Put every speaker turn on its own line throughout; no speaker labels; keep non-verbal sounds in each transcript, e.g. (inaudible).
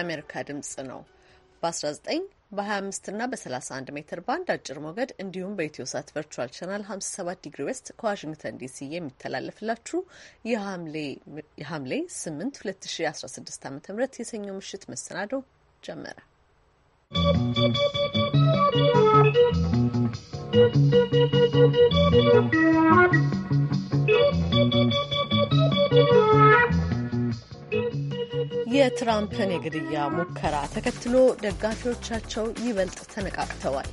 የአሜሪካ ድምጽ ነው። በ19 በ25 እና በ31 ሜትር ባንድ አጭር ሞገድ እንዲሁም በኢትዮ ሳት ቨርቹዋል ቻናል 57 ዲግሪ ዌስት ከዋሽንግተን ዲሲ የሚተላለፍላችሁ የሐምሌ 8 2016 ዓ ም የሰኞ ምሽት መሰናዶ ጀመረ። ¶¶ የትራምፕን የግድያ ሙከራ ተከትሎ ደጋፊዎቻቸው ይበልጥ ተነቃቅተዋል።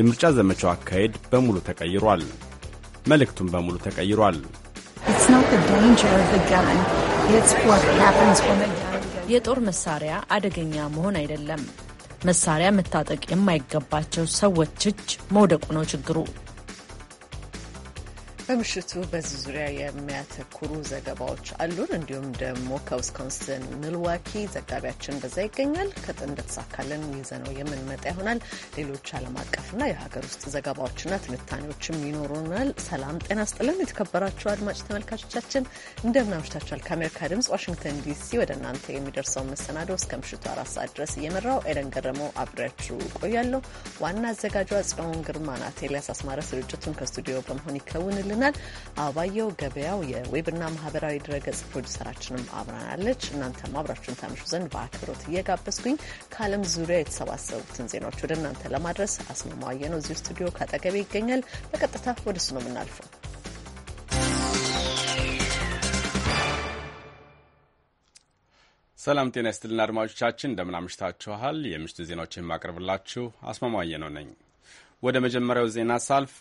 የምርጫ ዘመቻው አካሄድ በሙሉ ተቀይሯል። መልእክቱም በሙሉ ተቀይሯል።
(laughs) የጦር መሳሪያ አደገኛ መሆን አይደለም፣ መሳሪያ መታጠቅ የማይገባቸው ሰዎች እጅ መውደቁ ነው ችግሩ።
በምሽቱ በዚህ ዙሪያ የሚያተኩሩ ዘገባዎች አሉን። እንዲሁም ደግሞ ከዊስኮንስን ሚልዋኪ ዘጋቢያችን በዛ ይገኛል። እንደተሳካለን ይዘነው የምንመጣ ይሆናል። ሌሎች ዓለም አቀፍና የሀገር ውስጥ ዘገባዎችና ትንታኔዎችም ይኖሩናል። ሰላም ጤና ስጥልን። የተከበራችሁ አድማጭ ተመልካቾቻችን እንደምን አምሽታችኋል? ከአሜሪካ ድምጽ ዋሽንግተን ዲሲ ወደ እናንተ የሚደርሰውን መሰናዶ እስከ ምሽቱ አራት ሰዓት ድረስ እየመራው ኤደን ገረመው አብሬያችሁ ቆያለሁ። ዋና አዘጋጇ ጽዮን ግርማ ናት። ኤልያስ አስማረ ስርጭቱን ከስቱዲዮ በመሆን ይከውንልናል። ይሆናል። አበባየው ገበያው የዌብና ማህበራዊ ድረገጽ ፕሮዲሰራችንም አብራናለች። እናንተም ማብራችሁን ታመሹ ዘንድ በአክብሮት እየጋበዝኩኝ ከዓለም ዙሪያ የተሰባሰቡትን ዜናዎች ወደ እናንተ ለማድረስ አስማማዋየ ነው እዚሁ ስቱዲዮ ከአጠገቤ ይገኛል። በቀጥታ ወደ እሱ ነው የምናልፈው።
ሰላም ጤና ይስጥልን አድማጮቻችን፣ እንደምን አምሽታችኋል? የምሽቱ ዜናዎችን የማቀርብላችሁ አስማማየ ነው ነኝ። ወደ መጀመሪያው ዜና ሳልፍ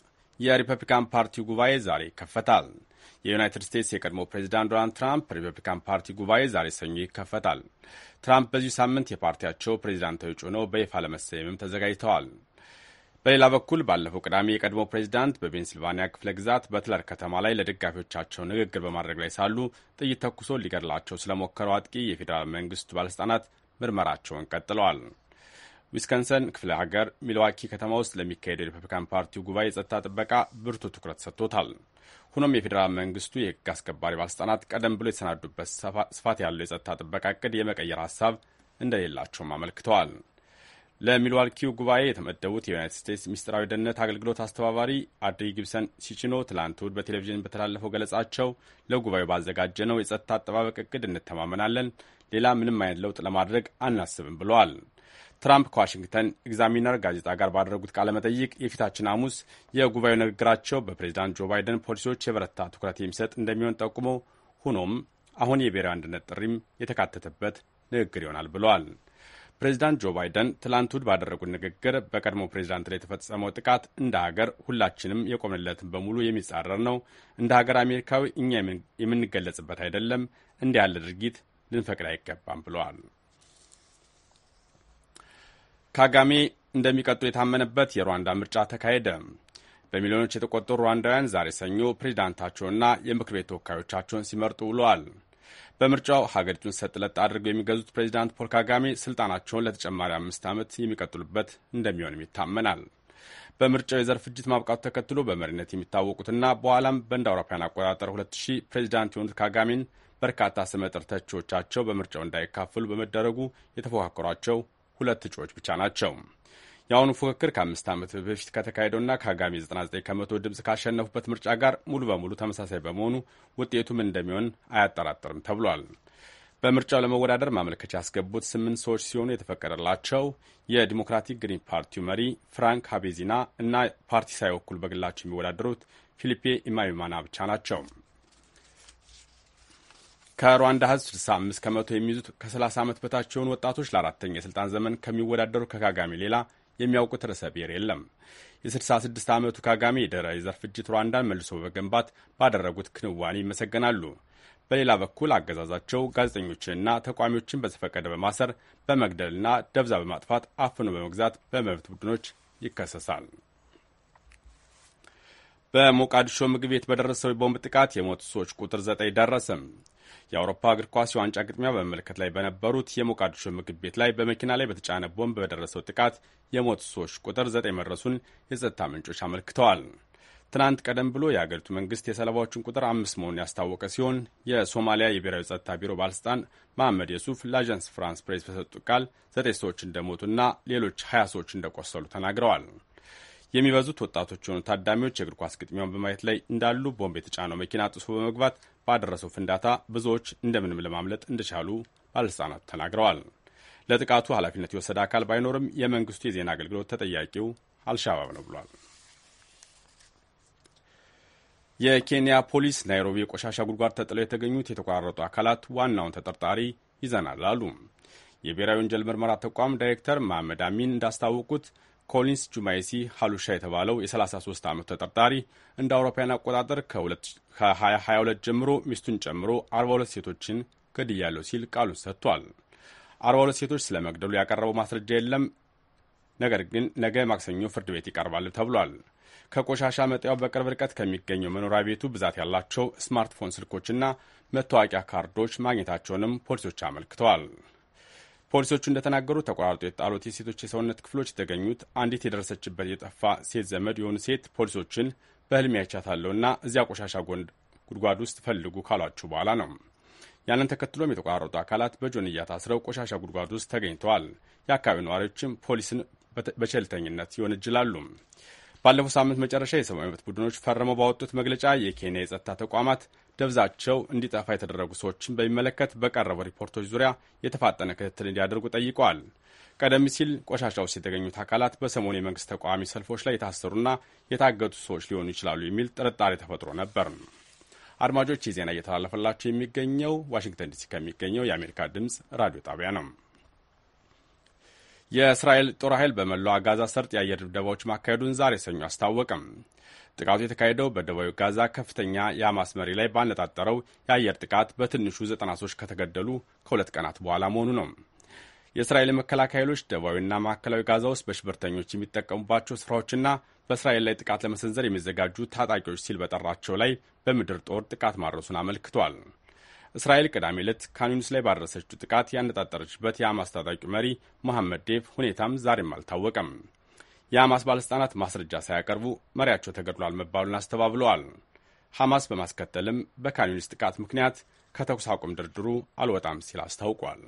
የሪፐብሊካን ፓርቲው ጉባኤ ዛሬ ይከፈታል። የዩናይትድ ስቴትስ የቀድሞ ፕሬዚዳንት ዶናልድ ትራምፕ ሪፐብሊካን ፓርቲ ጉባኤ ዛሬ ሰኞ ይከፈታል። ትራምፕ በዚሁ ሳምንት የፓርቲያቸው ፕሬዚዳንታዊ እጩ ሆነው በይፋ ለመሰየምም ተዘጋጅተዋል። በሌላ በኩል ባለፈው ቅዳሜ የቀድሞ ፕሬዚዳንት በፔንሲልቫኒያ ክፍለ ግዛት በትለር ከተማ ላይ ለደጋፊዎቻቸው ንግግር በማድረግ ላይ ሳሉ ጥይት ተኩሶ ሊገድላቸው ስለሞከረው አጥቂ የፌዴራል መንግስቱ ባለሥልጣናት ምርመራቸውን ቀጥለዋል። ዊስከንሰን ክፍለ ሀገር ሚልዋኪ ከተማ ውስጥ ለሚካሄደው የሪፐብሊካን ፓርቲው ጉባኤ የጸጥታ ጥበቃ ብርቱ ትኩረት ሰጥቶታል። ሆኖም የፌዴራል መንግስቱ የህግ አስከባሪ ባለስልጣናት ቀደም ብሎ የተሰናዱበት ስፋት ያለው የጸጥታ ጥበቃ እቅድ የመቀየር ሀሳብ እንደሌላቸውም አመልክተዋል። ለሚልዋኪው ጉባኤ የተመደቡት የዩናይትድ ስቴትስ ምስጢራዊ ደህንነት አገልግሎት አስተባባሪ አድሪ ጊብሰን ሲችኖ ትላንት እሁድ በቴሌቪዥን በተላለፈው ገለጻቸው ለጉባኤው ባዘጋጀ ነው የጸጥታ አጠባበቅ እቅድ እንተማመናለን፣ ሌላ ምንም አይነት ለውጥ ለማድረግ አናስብም ብለዋል። ትራምፕ ከዋሽንግተን ኤግዛሚነር ጋዜጣ ጋር ባደረጉት ቃለ መጠይቅ የፊታችን ሐሙስ የጉባኤው ንግግራቸው በፕሬዚዳንት ጆ ባይደን ፖሊሲዎች የበረታ ትኩረት የሚሰጥ እንደሚሆን ጠቁሞ ሆኖም አሁን የብሔራዊ አንድነት ጥሪም የተካተተበት ንግግር ይሆናል ብለዋል። ፕሬዚዳንት ጆ ባይደን ትላንት እሁድ ባደረጉት ንግግር በቀድሞ ፕሬዚዳንት ላይ የተፈጸመው ጥቃት እንደ ሀገር ሁላችንም የቆምንለትን በሙሉ የሚጻረር ነው። እንደ ሀገር አሜሪካዊ እኛ የምንገለጽበት አይደለም። እንዲህ ያለ ድርጊት ልንፈቅድ አይገባም ብለዋል። ካጋሜ እንደሚቀጡ የታመነበት የሩዋንዳ ምርጫ ተካሄደ። በሚሊዮኖች የተቆጠሩ ሩዋንዳውያን ዛሬ ሰኞ ፕሬዚዳንታቸውንና የምክር ቤት ተወካዮቻቸውን ሲመርጡ ውለዋል። በምርጫው ሀገሪቱን ሰጥ ለጥ አድርገው የሚገዙት ፕሬዚዳንት ፖል ካጋሜ ስልጣናቸውን ለተጨማሪ አምስት ዓመት የሚቀጥሉበት እንደሚሆንም ይታመናል። በምርጫው የዘር ፍጅት ማብቃቱ ተከትሎ በመሪነት የሚታወቁትና በኋላም በእንደ አውሮፓውያን አቆጣጠር 2000 ፕሬዚዳንት የሆኑት ካጋሜን በርካታ ስመጥር ተቺዎቻቸው በምርጫው እንዳይካፈሉ በመደረጉ የተፎካከሯቸው ሁለት እጩዎች ብቻ ናቸው። የአሁኑ ፉክክር ከአምስት ዓመት በፊት ከተካሄደውና ከአጋሚ 99 ከመቶ ድምፅ ካሸነፉበት ምርጫ ጋር ሙሉ በሙሉ ተመሳሳይ በመሆኑ ውጤቱ ምን እንደሚሆን አያጠራጥርም ተብሏል። በምርጫው ለመወዳደር ማመልከቻ ያስገቡት ስምንት ሰዎች ሲሆኑ የተፈቀደላቸው የዲሞክራቲክ ግሪን ፓርቲው መሪ ፍራንክ ሀቤዚና እና ፓርቲ ሳይወክሉ በግላቸው የሚወዳደሩት ፊሊፔ ኢማዊማና ብቻ ናቸው። ከሩዋንዳ ህዝብ 65 ከመቶ የሚይዙት ከ30 ዓመት በታች የሆኑ ወጣቶች ለአራተኛ የሥልጣን ዘመን ከሚወዳደሩ ከካጋሜ ሌላ የሚያውቁት ርዕሰ ብሔር የለም። የ66 ዓመቱ ካጋሜ የድህረ ዘር ፍጅት ሩዋንዳን መልሶ በመገንባት ባደረጉት ክንዋኔ ይመሰገናሉ። በሌላ በኩል አገዛዛቸው ጋዜጠኞችንና ተቋሚዎችን በተፈቀደ በማሰር በመግደልና ደብዛ በማጥፋት አፍኖ በመግዛት በመብት ቡድኖች ይከሰሳል። በሞቃዲሾ ምግብ ቤት በደረሰው የቦምብ ጥቃት የሞቱ ሰዎች ቁጥር ዘጠኝ ደረሰም። የአውሮፓ እግር ኳስ የዋንጫ ግጥሚያ በመመልከት ላይ በነበሩት የሞቃዲሾ ምግብ ቤት ላይ በመኪና ላይ በተጫነ ቦምብ በደረሰው ጥቃት የሞቱ ሰዎች ቁጥር ዘጠኝ መድረሱን የጸጥታ ምንጮች አመልክተዋል። ትናንት ቀደም ብሎ የአገሪቱ መንግስት የሰለባዎችን ቁጥር አምስት መሆኑን ያስታወቀ ሲሆን የሶማሊያ የብሔራዊ ጸጥታ ቢሮ ባለስልጣን መሐመድ የሱፍ ለአዣንስ ፍራንስ ፕሬስ በሰጡት ቃል ዘጠኝ ሰዎች እንደሞቱና ሌሎች ሀያ ሰዎች እንደቆሰሉ ተናግረዋል። የሚበዙት ወጣቶች የሆኑ ታዳሚዎች የእግር ኳስ ግጥሚያውን በማየት ላይ እንዳሉ ቦምብ የተጫነው መኪና ጥሶ በመግባት ባደረሰው ፍንዳታ ብዙዎች እንደምንም ለማምለጥ እንደቻሉ ባለሥልጣናቱ ተናግረዋል። ለጥቃቱ ኃላፊነት የወሰደ አካል ባይኖርም የመንግስቱ የዜና አገልግሎት ተጠያቂው አልሻባብ ነው ብሏል። የኬንያ ፖሊስ ናይሮቢ የቆሻሻ ጉድጓድ ተጥለው የተገኙት የተቆራረጡ አካላት ዋናውን ተጠርጣሪ ይዘናል አሉ። የብሔራዊ ወንጀል ምርመራ ተቋም ዳይሬክተር መሐመድ አሚን እንዳስታወቁት ኮሊንስ ጁማይሲ ሀሉሻ የተባለው የ33 ዓመቱ ተጠርጣሪ እንደ አውሮፓውያን አቆጣጠር ከ2022 ጀምሮ ሚስቱን ጨምሮ 42 ሴቶችን ገድያለሁ ሲል ቃሉን ሰጥቷል። 42 ሴቶች ስለ መግደሉ ያቀረበው ማስረጃ የለም። ነገር ግን ነገ ማክሰኞ ፍርድ ቤት ይቀርባል ተብሏል። ከቆሻሻ መጣያው በቅርብ ርቀት ከሚገኘው መኖሪያ ቤቱ ብዛት ያላቸው ስማርትፎን ስልኮችና መታወቂያ ካርዶች ማግኘታቸውንም ፖሊሶች አመልክተዋል። ፖሊሶቹ እንደተናገሩ ተቆራርጦ የተጣሉት የሴቶች የሰውነት ክፍሎች የተገኙት አንዲት የደረሰችበት የጠፋ ሴት ዘመድ የሆኑ ሴት ፖሊሶችን ያቻታለሁ አይቻታለሁና እዚያ ቆሻሻ ጉድጓድ ውስጥ ፈልጉ ካሏችሁ በኋላ ነው። ያንን ተከትሎም የተቆራረጡ አካላት በጆንያ ታስረው ቆሻሻ ጉድጓድ ውስጥ ተገኝተዋል። የአካባቢው ነዋሪዎችም ፖሊስን በቸልተኝነት ይወነጅላሉ። ባለፈው ሳምንት መጨረሻ የሰብአዊ መብት ቡድኖች ፈርመው ባወጡት መግለጫ የኬንያ የጸጥታ ተቋማት ደብዛቸው እንዲጠፋ የተደረጉ ሰዎችን በሚመለከት በቀረቡ ሪፖርቶች ዙሪያ የተፋጠነ ክትትል እንዲያደርጉ ጠይቀዋል። ቀደም ሲል ቆሻሻ ውስጥ የተገኙት አካላት በሰሞኑ የመንግስት ተቃዋሚ ሰልፎች ላይ የታሰሩና የታገቱ ሰዎች ሊሆኑ ይችላሉ የሚል ጥርጣሬ ተፈጥሮ ነበር። አድማጮች ይህ ዜና እየተላለፈላቸው የሚገኘው ዋሽንግተን ዲሲ ከሚገኘው የአሜሪካ ድምፅ ራዲዮ ጣቢያ ነው። የእስራኤል ጦር ኃይል በመላው ጋዛ ሰርጥ የአየር ድብደባዎች ማካሄዱን ዛሬ ሰኞ አስታወቅም። ጥቃቱ የተካሄደው በደቡባዊ ጋዛ ከፍተኛ የሐማስ መሪ ላይ ባነጣጠረው የአየር ጥቃት በትንሹ ዘጠና ሰዎች ከተገደሉ ከሁለት ቀናት በኋላ መሆኑ ነው። የእስራኤል መከላከያ ኃይሎች ደቡባዊና ማዕከላዊ ጋዛ ውስጥ በሽብርተኞች የሚጠቀሙባቸው ስፍራዎችና በእስራኤል ላይ ጥቃት ለመሰንዘር የሚዘጋጁ ታጣቂዎች ሲል በጠራቸው ላይ በምድር ጦር ጥቃት ማድረሱን አመልክቷል። እስራኤል ቅዳሜ ዕለት ካኑኒስ ላይ ባደረሰችው ጥቃት ያነጣጠረችበት የሐማስ ታጣቂ መሪ መሐመድ ዴቭ ሁኔታም ዛሬም አልታወቀም። የሐማስ ባለሥልጣናት ማስረጃ ሳያቀርቡ መሪያቸው ተገድሏል መባሉን አስተባብለዋል። ሐማስ በማስከተልም በካኒኒስ ጥቃት ምክንያት ከተኩስ አቁም ድርድሩ አልወጣም ሲል አስታውቋል።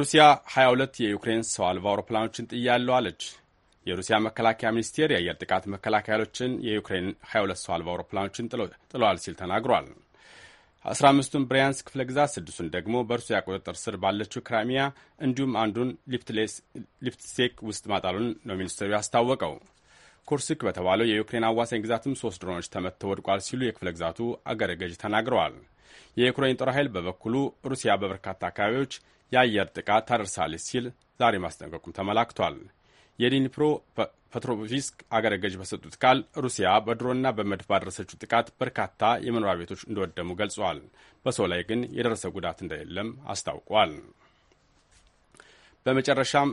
ሩሲያ 22 የዩክሬን ሰው አልባ አውሮፕላኖችን ጥያለሁ አለች። የሩሲያ መከላከያ ሚኒስቴር የአየር ጥቃት መከላከያሎችን የዩክሬን 22 ሰው አልባ አውሮፕላኖችን ጥለዋል ሲል ተናግሯል። አስራ አምስቱን ብሪያንስ ክፍለ ግዛት፣ ስድስቱን ደግሞ በእርሱ ቁጥጥር ስር ባለችው ክራሚያ እንዲሁም አንዱን ሊፕትሴክ ውስጥ ማጣሉን ነው ሚኒስትሩ ያስታወቀው። ኩርስክ በተባለው የዩክሬን አዋሳኝ ግዛትም ሶስት ድሮኖች ተመትተው ወድቋል ሲሉ የክፍለ ግዛቱ አገረ ገዥ ተናግረዋል። የዩክሬን ጦር ኃይል በበኩሉ ሩሲያ በበርካታ አካባቢዎች የአየር ጥቃት ታደርሳለች ሲል ዛሬ ማስጠንቀቁም ተመላክቷል። የዲኒፕሮ ፐትሮቪስክ አገረ ገዥ በሰጡት ቃል ሩሲያ በድሮና በመድፍ ባደረሰችው ጥቃት በርካታ የመኖሪያ ቤቶች እንደወደሙ ገልጿል። በሰው ላይ ግን የደረሰ ጉዳት እንደሌለም አስታውቋል። በመጨረሻም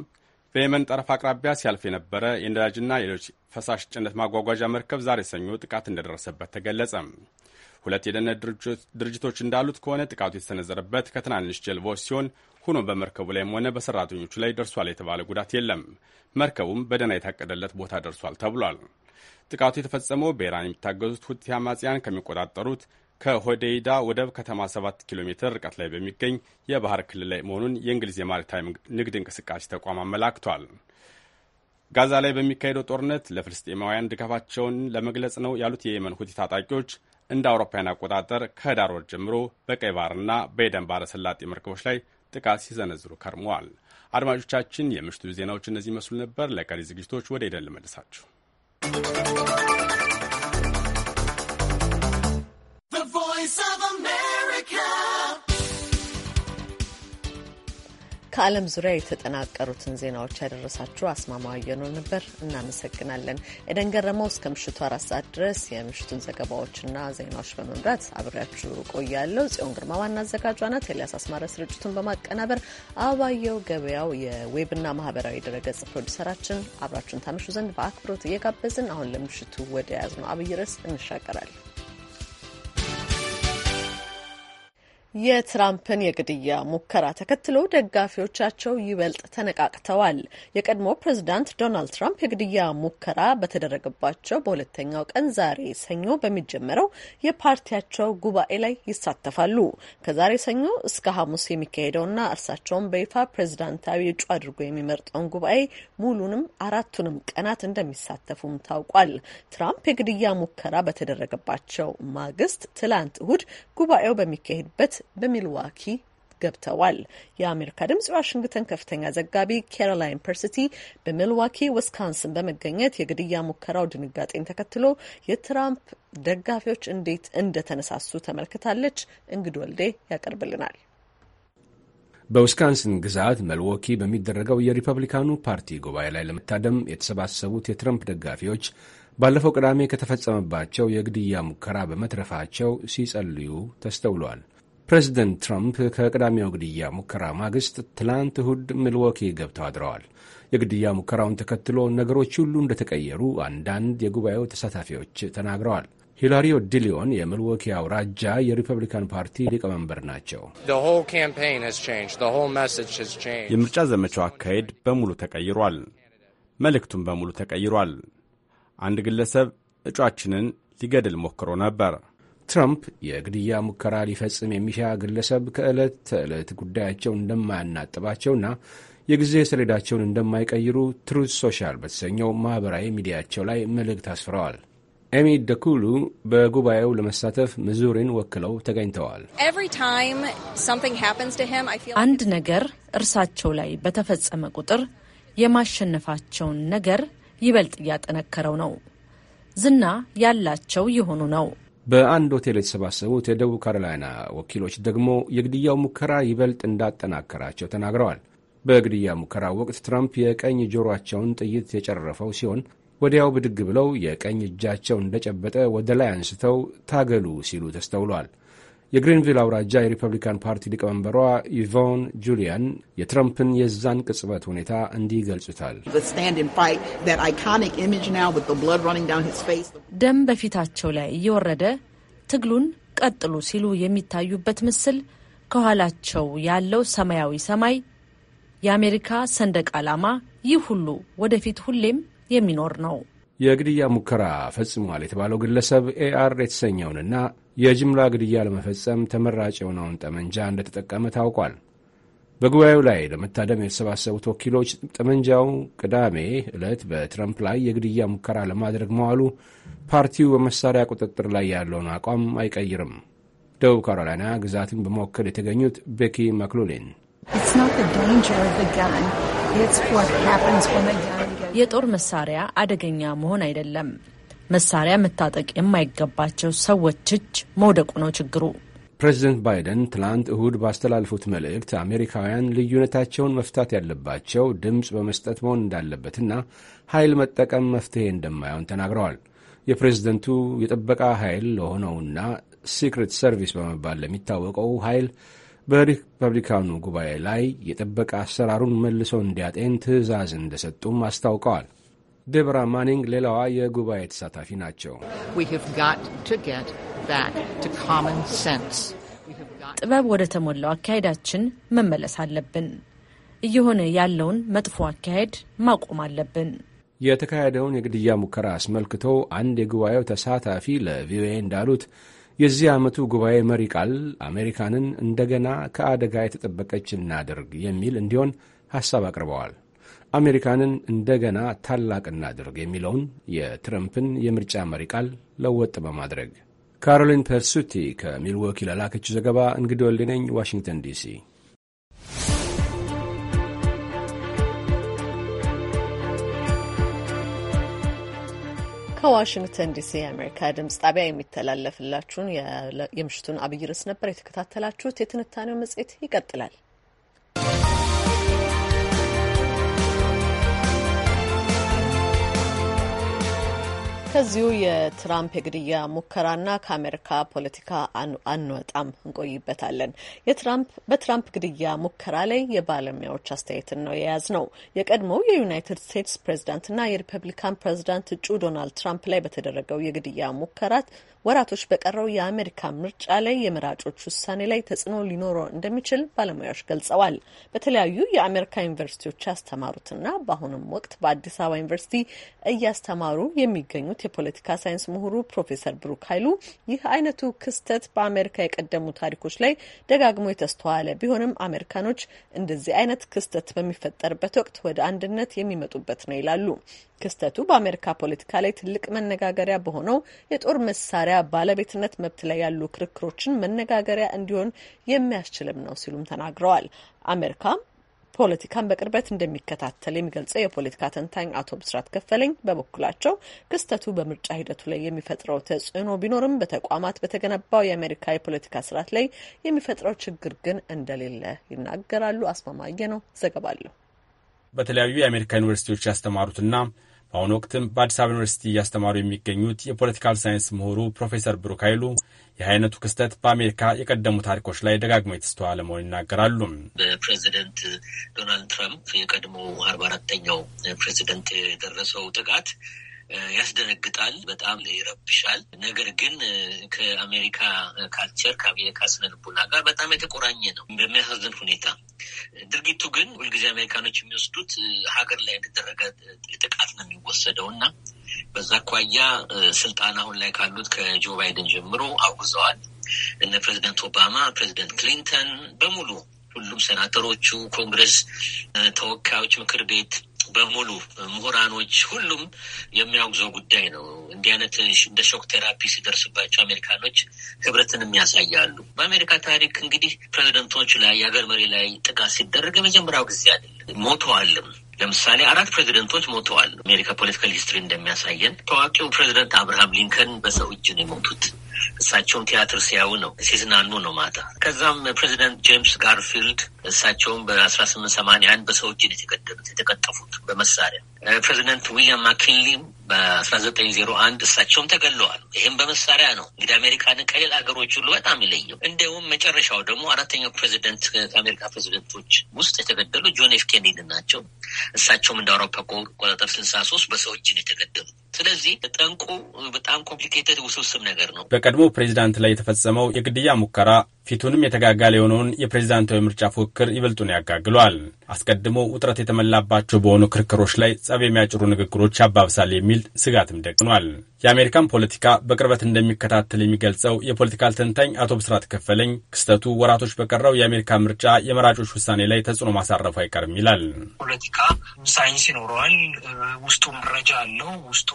በየመን ጠረፍ አቅራቢያ ሲያልፍ የነበረ የነዳጅና የሌሎች ፈሳሽ ጭነት ማጓጓዣ መርከብ ዛሬ ሰኞ ጥቃት እንደደረሰበት ተገለጸ። ሁለት የደህንነት ድርጅቶች እንዳሉት ከሆነ ጥቃቱ የተሰነዘረበት ከትናንሽ ጀልባዎች ሲሆን ሆኖ በመርከቡ ላይም ሆነ በሰራተኞቹ ላይ ደርሷል የተባለ ጉዳት የለም። መርከቡም በደህና የታቀደለት ቦታ ደርሷል ተብሏል። ጥቃቱ የተፈጸመው በኢራን የሚታገዙት ሁቲ አማጽያን ከሚቆጣጠሩት ከሆዴይዳ ወደብ ከተማ 7 ኪሎ ሜትር ርቀት ላይ በሚገኝ የባህር ክልል ላይ መሆኑን የእንግሊዝ የማሪታይም ንግድ እንቅስቃሴ ተቋም አመላክቷል። ጋዛ ላይ በሚካሄደው ጦርነት ለፍልስጤማውያን ድጋፋቸውን ለመግለጽ ነው ያሉት የየመን ሁቲ ታጣቂዎች እንደ አውሮፓውያን አቆጣጠር ከህዳር ወር ጀምሮ በቀይ ባህርና በኤደን ባህረ ሰላጤ መርከቦች ላይ ጥቃት ሲሰነዝሩ ከርመዋል። አድማጮቻችን፣ የምሽቱ ዜናዎች እነዚህ ይመስሉ ነበር። ለቀሪ ዝግጅቶች ወደ ሄደን ልመልሳችሁ።
ከዓለም ዙሪያ የተጠናቀሩትን ዜናዎች ያደረሳችሁ አስማማየኖ ነበር። እናመሰግናለን። ኤደን ገረመው እስከ ምሽቱ አራት ሰዓት ድረስ የምሽቱን ዘገባዎችና ዜናዎች በመምራት አብሬያችሁ ቆያለሁ። ጽዮን ግርማ ዋና አዘጋጇ ናት። ኤልያስ አስማረ ስርጭቱን በማቀናበር አበባየው ገበያው የዌብና ማህበራዊ ድረገጽ ፕሮዲሰራችን አብራችሁን ታመሹ ዘንድ በአክብሮት እየጋበዝን አሁን ለምሽቱ ወደ ያዝነው አብይ ርዕስ እንሻገራለን። የትራምፕን የግድያ ሙከራ ተከትሎ ደጋፊዎቻቸው ይበልጥ ተነቃቅተዋል። የቀድሞ ፕሬዚዳንት ዶናልድ ትራምፕ የግድያ ሙከራ በተደረገባቸው በሁለተኛው ቀን ዛሬ ሰኞ በሚጀመረው የፓርቲያቸው ጉባኤ ላይ ይሳተፋሉ። ከዛሬ ሰኞ እስከ ሐሙስ የሚካሄደውና እርሳቸውን በይፋ ፕሬዚዳንታዊ እጩ አድርጎ የሚመርጠውን ጉባኤ ሙሉንም አራቱንም ቀናት እንደሚሳተፉም ታውቋል። ትራምፕ የግድያ ሙከራ በተደረገባቸው ማግስት ትላንት እሁድ ጉባኤው በሚካሄድበት በሚልዋኪ ገብተዋል። የአሜሪካ ድምጽ ዋሽንግተን ከፍተኛ ዘጋቢ ኬሮላይን ፐርሲቲ በሚልዋኪ ዊስካንስን በመገኘት የግድያ ሙከራው ድንጋጤን ተከትሎ የትራምፕ ደጋፊዎች እንዴት እንደተነሳሱ ተመልክታለች። እንግድ ወልዴ ያቀርብልናል።
በዊስካንስን ግዛት መልዎኪ በሚደረገው የሪፐብሊካኑ ፓርቲ ጉባኤ ላይ ለመታደም የተሰባሰቡት የትራምፕ ደጋፊዎች ባለፈው ቅዳሜ ከተፈጸመባቸው የግድያ ሙከራ በመትረፋቸው ሲጸልዩ ተስተውሏል። ፕሬዚደንት ትራምፕ ከቅዳሜው ግድያ ሙከራ ማግስት ትላንት እሁድ ሚልዎኪ ገብተው አድረዋል። የግድያ ሙከራውን ተከትሎ ነገሮች ሁሉ እንደተቀየሩ አንዳንድ የጉባኤው ተሳታፊዎች ተናግረዋል። ሂላሪዮ ዲሊዮን የሚልዎኪ አውራጃ የሪፐብሊካን ፓርቲ ሊቀመንበር ናቸው። የምርጫ ዘመቻው አካሄድ በሙሉ ተቀይሯል። መልእክቱም በሙሉ
ተቀይሯል። አንድ ግለሰብ እጩአችንን ሊገድል ሞክሮ ነበር።
ትራምፕ የግድያ ሙከራ ሊፈጽም የሚሻ ግለሰብ ከዕለት ተዕለት ጉዳያቸው እንደማያናጥባቸውና የጊዜ ሰሌዳቸውን እንደማይቀይሩ ትሩዝ ሶሻል በተሰኘው ማኅበራዊ ሚዲያቸው ላይ መልእክት አስፍረዋል። ኤሚ ደኩሉ በጉባኤው ለመሳተፍ ምዙሪን ወክለው ተገኝተዋል።
አንድ
ነገር እርሳቸው ላይ በተፈጸመ ቁጥር የማሸነፋቸውን ነገር ይበልጥ እያጠነከረው ነው። ዝና ያላቸው የሆኑ ነው
በአንድ ሆቴል የተሰባሰቡት የደቡብ ካሮላይና ወኪሎች ደግሞ የግድያው ሙከራ ይበልጥ እንዳጠናከራቸው ተናግረዋል። በግድያ ሙከራ ወቅት ትራምፕ የቀኝ ጆሮአቸውን ጥይት የጨረፈው ሲሆን ወዲያው ብድግ ብለው የቀኝ እጃቸው እንደጨበጠ ወደ ላይ አንስተው ታገሉ ሲሉ ተስተውሏል። የግሪንቪል አውራጃ የሪፐብሊካን ፓርቲ ሊቀመንበሯ ኢቮን ጁሊያን የትረምፕን የዛን ቅጽበት ሁኔታ እንዲህ ይገልጹታል።
ደም በፊታቸው ላይ እየወረደ ትግሉን ቀጥሉ ሲሉ የሚታዩበት ምስል፣ ከኋላቸው ያለው ሰማያዊ ሰማይ፣ የአሜሪካ ሰንደቅ ዓላማ፣ ይህ ሁሉ ወደፊት ሁሌም የሚኖር ነው።
የግድያ ሙከራ ፈጽሟል የተባለው ግለሰብ ኤአር የተሰኘውንና የጅምላ ግድያ ለመፈጸም ተመራጭ የሆነውን ጠመንጃ እንደተጠቀመ ታውቋል። በጉባኤው ላይ ለመታደም የተሰባሰቡት ወኪሎች ጠመንጃው ቅዳሜ ዕለት በትረምፕ ላይ የግድያ ሙከራ ለማድረግ መዋሉ ፓርቲው በመሳሪያ ቁጥጥር ላይ ያለውን አቋም አይቀይርም። ደቡብ ካሮላይና ግዛትን በመወከል የተገኙት ቤኪ ማክሎሊን
የጦር መሳሪያ አደገኛ መሆን አይደለም መሳሪያ መታጠቅ የማይገባቸው ሰዎች እጅ መውደቁ ነው ችግሩ።
ፕሬዚደንት ባይደን ትላንት እሁድ ባስተላለፉት መልእክት አሜሪካውያን ልዩነታቸውን መፍታት ያለባቸው ድምፅ በመስጠት መሆን እንዳለበትና ኃይል መጠቀም መፍትሄ እንደማይሆን ተናግረዋል። የፕሬዝደንቱ የጥበቃ ኃይል ለሆነውና ሲክሬት ሰርቪስ በመባል ለሚታወቀው ኃይል በሪፐብሊካኑ ጉባኤ ላይ የጥበቃ አሰራሩን መልሶ እንዲያጤን ትዕዛዝ እንደሰጡም አስታውቀዋል። ዴቦራ ማኒንግ ሌላዋ የጉባኤ ተሳታፊ ናቸው።
ጥበብ ወደ ተሞላው አካሄዳችን መመለስ አለብን። እየሆነ ያለውን መጥፎ አካሄድ ማቆም አለብን።
የተካሄደውን የግድያ ሙከራ አስመልክቶ አንድ የጉባኤው ተሳታፊ ለቪኦኤ እንዳሉት የዚህ ዓመቱ ጉባኤ መሪ ቃል አሜሪካንን እንደገና ከአደጋ የተጠበቀች እናድርግ የሚል እንዲሆን ሐሳብ አቅርበዋል። አሜሪካንን እንደገና ታላቅ እናድርግ የሚለውን የትረምፕን የምርጫ መሪ ቃል ለወጥ በማድረግ ካሮሊን ፐርሱቲ ከሚልዎኪ ለላከችው ዘገባ እንግዲህ ወልዴ ነኝ፣ ዋሽንግተን ዲሲ።
ከዋሽንግተን ዲሲ የአሜሪካ ድምጽ ጣቢያ የሚተላለፍላችሁን የምሽቱን አብይ ርዕስ ነበር የተከታተላችሁት። የትንታኔው መጽሔት ይቀጥላል። ከዚሁ የትራምፕ የግድያ ሙከራና ከአሜሪካ ፖለቲካ አንወጣም እንቆይበታለን። በትራምፕ ግድያ ሙከራ ላይ የባለሙያዎች አስተያየትን ነው የያዝ ነው። የቀድሞው የዩናይትድ ስቴትስ ፕሬዚዳንትና የሪፐብሊካን ፕሬዚዳንት እጩ ዶናልድ ትራምፕ ላይ በተደረገው የግድያ ሙከራት ወራቶች በቀረው የአሜሪካ ምርጫ ላይ የመራጮች ውሳኔ ላይ ተጽዕኖ ሊኖረው እንደሚችል ባለሙያዎች ገልጸዋል። በተለያዩ የአሜሪካ ዩኒቨርሲቲዎች ያስተማሩትና በአሁኑም ወቅት በአዲስ አበባ ዩኒቨርሲቲ እያስተማሩ የሚገኙት የፖለቲካ ሳይንስ ምሁሩ ፕሮፌሰር ብሩክ ኃይሉ ይህ አይነቱ ክስተት በአሜሪካ የቀደሙ ታሪኮች ላይ ደጋግሞ የተስተዋለ ቢሆንም አሜሪካኖች እንደዚህ አይነት ክስተት በሚፈጠርበት ወቅት ወደ አንድነት የሚመጡበት ነው ይላሉ። ክስተቱ በአሜሪካ ፖለቲካ ላይ ትልቅ መነጋገሪያ በሆነው የጦር መሳሪያ መጀመሪያ ባለቤትነት መብት ላይ ያሉ ክርክሮችን መነጋገሪያ እንዲሆን የሚያስችልም ነው ሲሉም ተናግረዋል። አሜሪካ ፖለቲካን በቅርበት እንደሚከታተል የሚገልጸው የፖለቲካ ተንታኝ አቶ ብስራት ከፈለኝ በበኩላቸው ክስተቱ በምርጫ ሂደቱ ላይ የሚፈጥረው ተጽዕኖ ቢኖርም በተቋማት በተገነባው የአሜሪካ የፖለቲካ ስርዓት ላይ የሚፈጥረው ችግር ግን እንደሌለ ይናገራሉ። አስማማየ ነው ዘገባለሁ።
በተለያዩ የአሜሪካ ዩኒቨርሲቲዎች ያስተማሩትና በአሁኑ ወቅትም በአዲስ አበባ ዩኒቨርሲቲ እያስተማሩ የሚገኙት የፖለቲካል ሳይንስ ምሁሩ ፕሮፌሰር ብሩክ ኃይሉ ይህ አይነቱ ክስተት በአሜሪካ የቀደሙ ታሪኮች ላይ ደጋግሞ የተስተዋለ መሆኑን ይናገራሉ።
በፕሬዚደንት ዶናልድ ትራምፕ የቀድሞ አርባ አራተኛው ፕሬዚደንት የደረሰው ጥቃት ያስደነግጣል፣ በጣም ይረብሻል። ነገር ግን ከአሜሪካ ካልቸር ከአሜሪካ ስነ ልቡና ጋር በጣም የተቆራኘ ነው በሚያሳዝን ሁኔታ። ድርጊቱ ግን ሁልጊዜ አሜሪካኖች የሚወስዱት ሀገር ላይ እንደተደረገ ጥቃት ነው የሚወሰደው እና በዛ አኳያ ስልጣን አሁን ላይ ካሉት ከጆ ባይደን ጀምሮ አውግዘዋል። እነ ፕሬዚደንት ኦባማ፣ ፕሬዚደንት ክሊንተን በሙሉ ሁሉም ሴናተሮቹ፣ ኮንግረስ ተወካዮች ምክር ቤት በሙሉ ምሁራኖች፣ ሁሉም የሚያወግዘው ጉዳይ ነው። እንዲህ አይነት እንደ ሾክ ቴራፒ ሲደርስባቸው አሜሪካኖች ህብረትንም ያሳያሉ። በአሜሪካ ታሪክ እንግዲህ ፕሬዚደንቶች ላይ የሀገር መሪ ላይ ጥቃት ሲደረግ የመጀመሪያው ጊዜ አይደለም። ሞተዋልም። ለምሳሌ አራት ፕሬዚደንቶች ሞተዋል። አሜሪካ ፖለቲካል ሂስትሪ እንደሚያሳየን ታዋቂው ፕሬዚደንት አብርሃም ሊንከን በሰው እጅ ነው የሞቱት። እሳቸውም ቲያትር ሲያዩ ነው ሲዝናኑ ነው ማታ። ከዛም ፕሬዚደንት ጄምስ ጋርፊልድ እሳቸውም በአስራ ስምንት ሰማንያ አንድ በሰዎች እጅ የተገደሉት የተቀጠፉት በመሳሪያ ፕሬዚደንት ዊሊያም ማኪንሊ በአስራ ዘጠኝ ዜሮ አንድ እሳቸውም ተገለዋል። ይህም በመሳሪያ ነው። እንግዲህ አሜሪካንን ከሌላ ሀገሮች ሁሉ በጣም ይለየው። እንዲሁም መጨረሻው ደግሞ አራተኛው ፕሬዚደንት ከአሜሪካ ፕሬዚደንቶች ውስጥ የተገደሉ ጆን ኤፍ ኬኔዲ ናቸው። እሳቸውም እንደ አውሮፓ ቆጣጠር ስልሳ ሶስት በሰዎችን የተገደሉት። ስለዚህ ጠንቁ
በጣም ኮምፕሊኬትድ ውስብስብ ነገር ነው። በቀድሞ ፕሬዚዳንት ላይ የተፈጸመው የግድያ ሙከራ ፊቱንም የተጋጋለ የሆነውን የፕሬዝዳንታዊ ምርጫ ፉክክር ይበልጡን ያጋግሏል። አስቀድሞ ውጥረት የተመላባቸው በሆኑ ክርክሮች ላይ ጸብ የሚያጭሩ ንግግሮች ያባብሳል የሚል ስጋትም ደቅኗል። የአሜሪካን ፖለቲካ በቅርበት እንደሚከታተል የሚገልጸው የፖለቲካል ተንታኝ አቶ ብስራት ከፈለኝ ክስተቱ ወራቶች በቀረው የአሜሪካ ምርጫ የመራጮች ውሳኔ ላይ ተጽዕኖ ማሳረፉ አይቀርም ይላል።
ፖለቲካ ሳይንስ ይኖረዋል። ውስጡ መረጃ አለው። ውስጡ